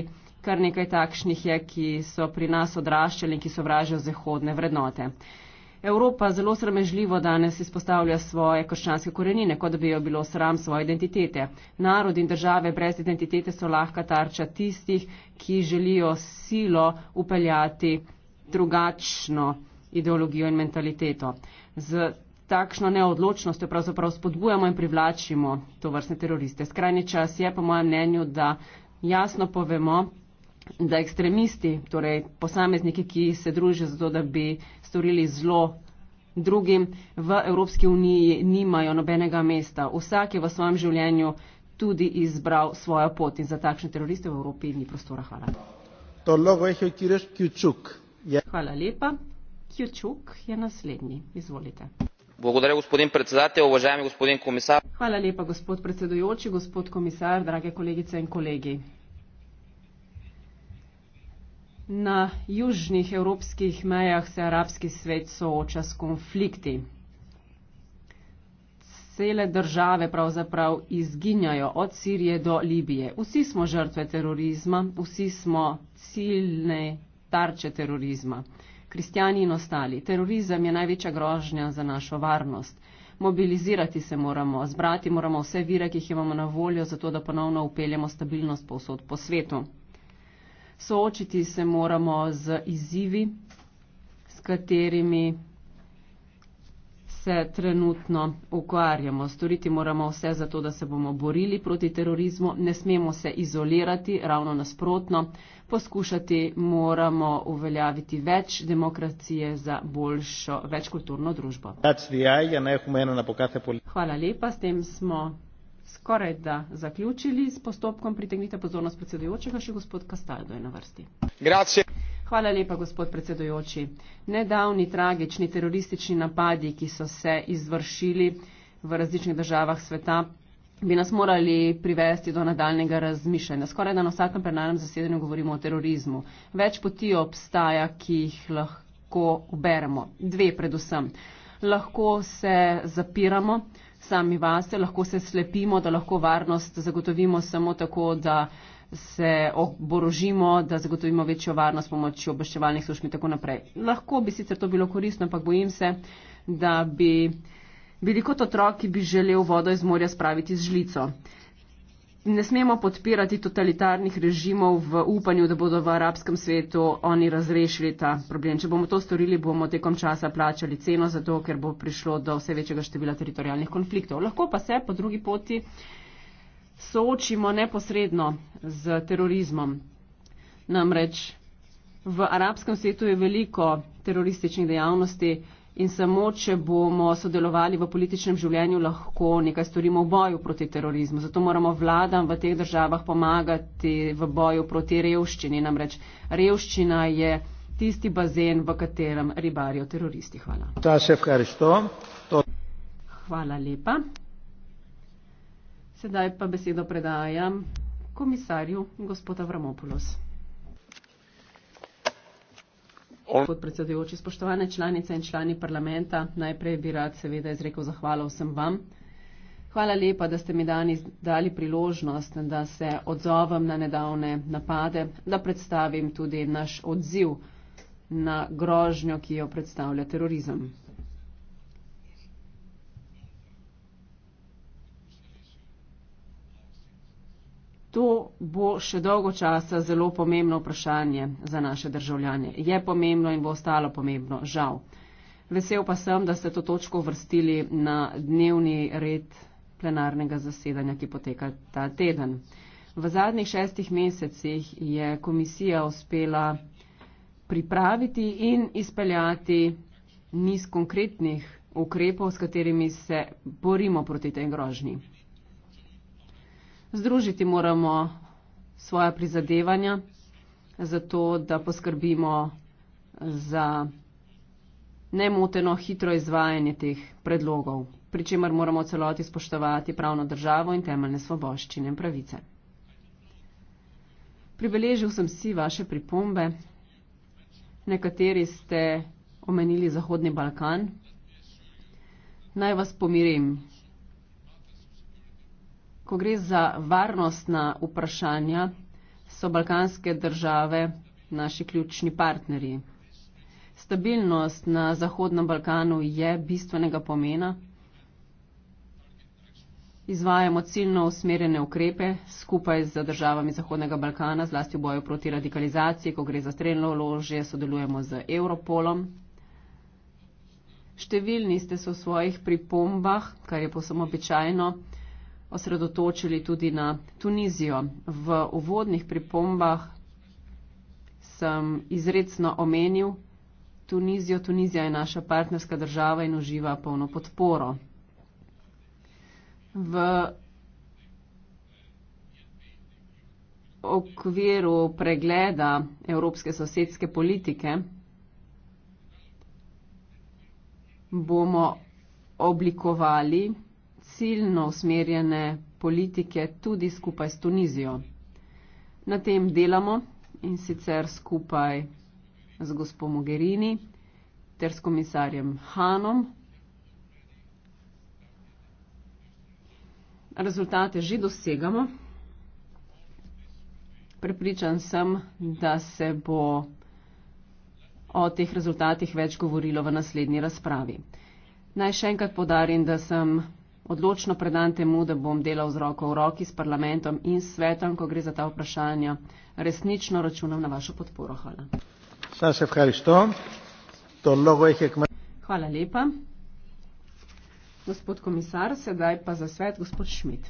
kar nekaj takšnih je, ki so pri nas odraščali in ki so vražali zahodne vrednote. Evropa zelo sramežljivo danes izpostavlja svoje krščanske korenine, kot da bi jo bilo sram svoje identitete. Narod in države brez identitete so lahka tarča tistih, ki želijo silo upeljati drugačno ideologijo in mentaliteto. Z takšno neodločnostjo pravzaprav spodbujamo in privlačimo to vrstne teroriste. Skrajni čas je, po mojem mnenju, da jasno povemo, da ekstremisti, torej posamezniki, ki se družijo zato, da bi storili zlo drugim, v Evropski uniji nimajo nobenega mesta. Vsak je v svojem življenju tudi izbral svojo pot in za takšne teroriste v Evropi ni prostora. Hvala. Hvala lepa. Kjučuk je naslednji. Izvolite. Благодаря, господин председател, уважаеми господин комисар. Хвала лепа, господ председојочи, господ комисар, драге колегица и колеги. Na južnih evropskih mejah se arabski svet sooča s konflikti. Cele države pravzaprav izginjajo od Sirije do Libije. Vsi smo žrtve terorizma, vsi smo ciljne tarče terorizma. Kristjani in ostali. Terorizem je največja grožnja za našo varnost. Mobilizirati se moramo, zbrati moramo vse vire, ki jih imamo na voljo, zato da ponovno upeljemo stabilnost povsod po svetu. Soočiti se moramo z izzivi, s katerimi se trenutno ukvarjamo. Storiti moramo vse za to, da se bomo borili proti terorizmu, ne smemo se izolirati, ravno nasprotno. Poskušati moramo uveljaviti več demokracije za boljšo, večkulturno družbo. Hvala lepa, s tem smo skoraj da zaključili s postopkom. Pritegnite pozornost predsedujočega, še gospod Kastaldo je na vrsti. Grazie. Hvala lepa, gospod predsedujoči. Nedavni tragični teroristični napadi, ki so se izvršili v različnih državah sveta, bi nas morali privesti do nadaljnega razmišljanja. Skoraj da na vsakem plenarnem zasedanju govorimo o terorizmu. Več poti obstaja, ki jih lahko uberemo. Dve predvsem. Lahko se zapiramo sami vase, lahko se slepimo, da lahko varnost zagotovimo samo tako, da se oborožimo, da zagotovimo večjo varnost pomočjo obveščevalnih služb in tako naprej. Lahko bi sicer to bilo koristno, ampak bojim se, da bi bili kot otrok, ki bi želel vodo iz morja spraviti z žlico ne smemo podpirati totalitarnih režimov v upanju, da bodo v arabskem svetu oni razrešili ta problem. Če bomo to storili, bomo tekom časa plačali ceno za to, ker bo prišlo do vse večjega števila teritorijalnih konfliktov. Lahko pa se po drugi poti soočimo neposredno z terorizmom. Namreč v arabskem svetu je veliko terorističnih dejavnosti, in samo, če bomo sodelovali v političnem življenju, lahko nekaj storimo v boju proti terorizmu. Zato moramo vladam v teh državah pomagati v boju proti revščini. Namreč revščina je tisti bazen, v katerem ribarijo teroristi. Hvala. Hvala lepa. Sedaj pa besedo predajam komisarju gospoda Vramopulos. Podpredsedujoči, spoštovane članice in člani parlamenta, najprej bi rad seveda izrekel zahvalo vsem vam. Hvala lepa, da ste mi danes dali priložnost, da se odzovem na nedavne napade, da predstavim tudi naš odziv na grožnjo, ki jo predstavlja terorizem. To bo še dolgo časa zelo pomembno vprašanje za naše državljanje. Je pomembno in bo ostalo pomembno, žal. Vesel pa sem, da ste to točko vrstili na dnevni red plenarnega zasedanja, ki poteka ta teden. V zadnjih šestih mesecih je komisija uspela pripraviti in izpeljati niz konkretnih ukrepov, s katerimi se borimo proti tej grožnji združiti moramo svoja prizadevanja za to, da poskrbimo za nemoteno hitro izvajanje teh predlogov, pri čemer moramo celoti spoštovati pravno državo in temeljne svoboščine in pravice. Pribeležil sem si vaše pripombe. Nekateri ste omenili Zahodni Balkan. Naj vas pomirim, Ko gre za varnostna vprašanja, so balkanske države naši ključni partnerji. Stabilnost na Zahodnem Balkanu je bistvenega pomena. Izvajamo ciljno usmerjene ukrepe skupaj z državami Zahodnega Balkana, zlasti v boju proti radikalizaciji, ko gre za strelno ložje, sodelujemo z Europolom. Številni ste se v svojih pripombah, kar je posebno običajno, osredotočili tudi na Tunizijo. V uvodnih pripombah sem izredno omenil Tunizijo. Tunizija je naša partnerska država in uživa polno podporo. V okviru pregleda evropske sosedske politike bomo oblikovali ciljno usmerjene politike tudi skupaj s Tunizijo. Na tem delamo in sicer skupaj z gospod Mogherini ter s komisarjem Hanom. Rezultate že dosegamo. Prepričan sem, da se bo o teh rezultatih več govorilo v naslednji razpravi. Naj še enkrat podarim, da sem odločno predan temu, da bom delal z roko v roki s parlamentom in svetom, ko gre za ta vprašanja. Resnično računam na vašo podporo. Hvala. Hvala lepa. Gospod komisar, sedaj pa za svet, gospod Šmit.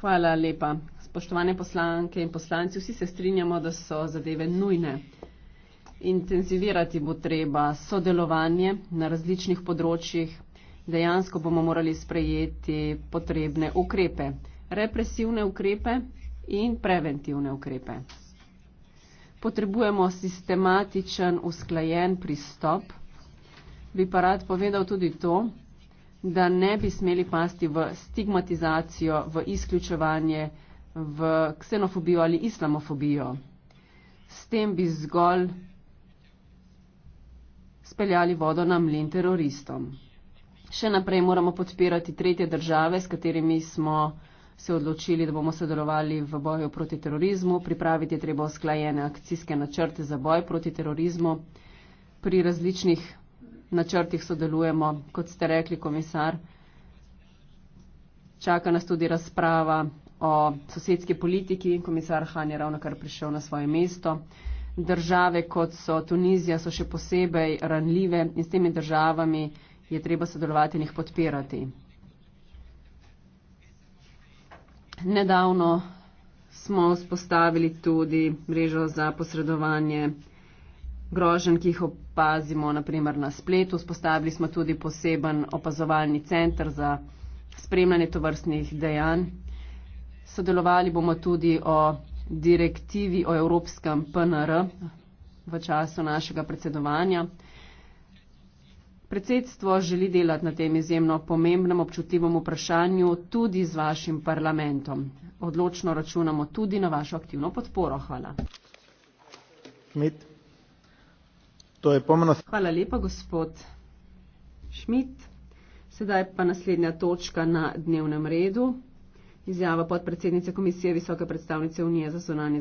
Hvala lepa. Spoštovane poslanke in poslanci, vsi se strinjamo, da so zadeve nujne. Intenzivirati bo treba sodelovanje na različnih področjih, dejansko bomo morali sprejeti potrebne ukrepe, represivne ukrepe in preventivne ukrepe. Potrebujemo sistematičen, usklajen pristop. Bi pa rad povedal tudi to, da ne bi smeli pasti v stigmatizacijo, v izključevanje, v ksenofobijo ali islamofobijo. S tem bi zgolj speljali vodo na mlin teroristom. Še naprej moramo podpirati tretje države, s katerimi smo se odločili, da bomo sodelovali v boju proti terorizmu. Pripraviti je treba usklajene akcijske načrte za boj proti terorizmu. Pri različnih načrtih sodelujemo, kot ste rekli, komisar. Čaka nas tudi razprava o sosedski politiki. Komisar Han je ravno kar prišel na svoje mesto. Države, kot so Tunizija, so še posebej ranljive in s temi državami je treba sodelovati in jih podpirati. Nedavno smo spostavili tudi mrežo za posredovanje grožen, ki jih opazimo naprimer na spletu. Spostavili smo tudi poseben opazovalni center za spremljanje tovrstnih dejanj. Sodelovali bomo tudi o direktivi o evropskem PNR v času našega predsedovanja. Predsedstvo želi delati na tem izjemno pomembnem občutljivem vprašanju tudi z vašim parlamentom. Odločno računamo tudi na vašo aktivno podporo. Hvala. Schmidt. To je pomeno. Hvala lepa, gospod Šmit. Sedaj pa naslednja točka na dnevnem redu. Izjava podpredsednice Komisije Visoke predstavnice Unije za zonanje.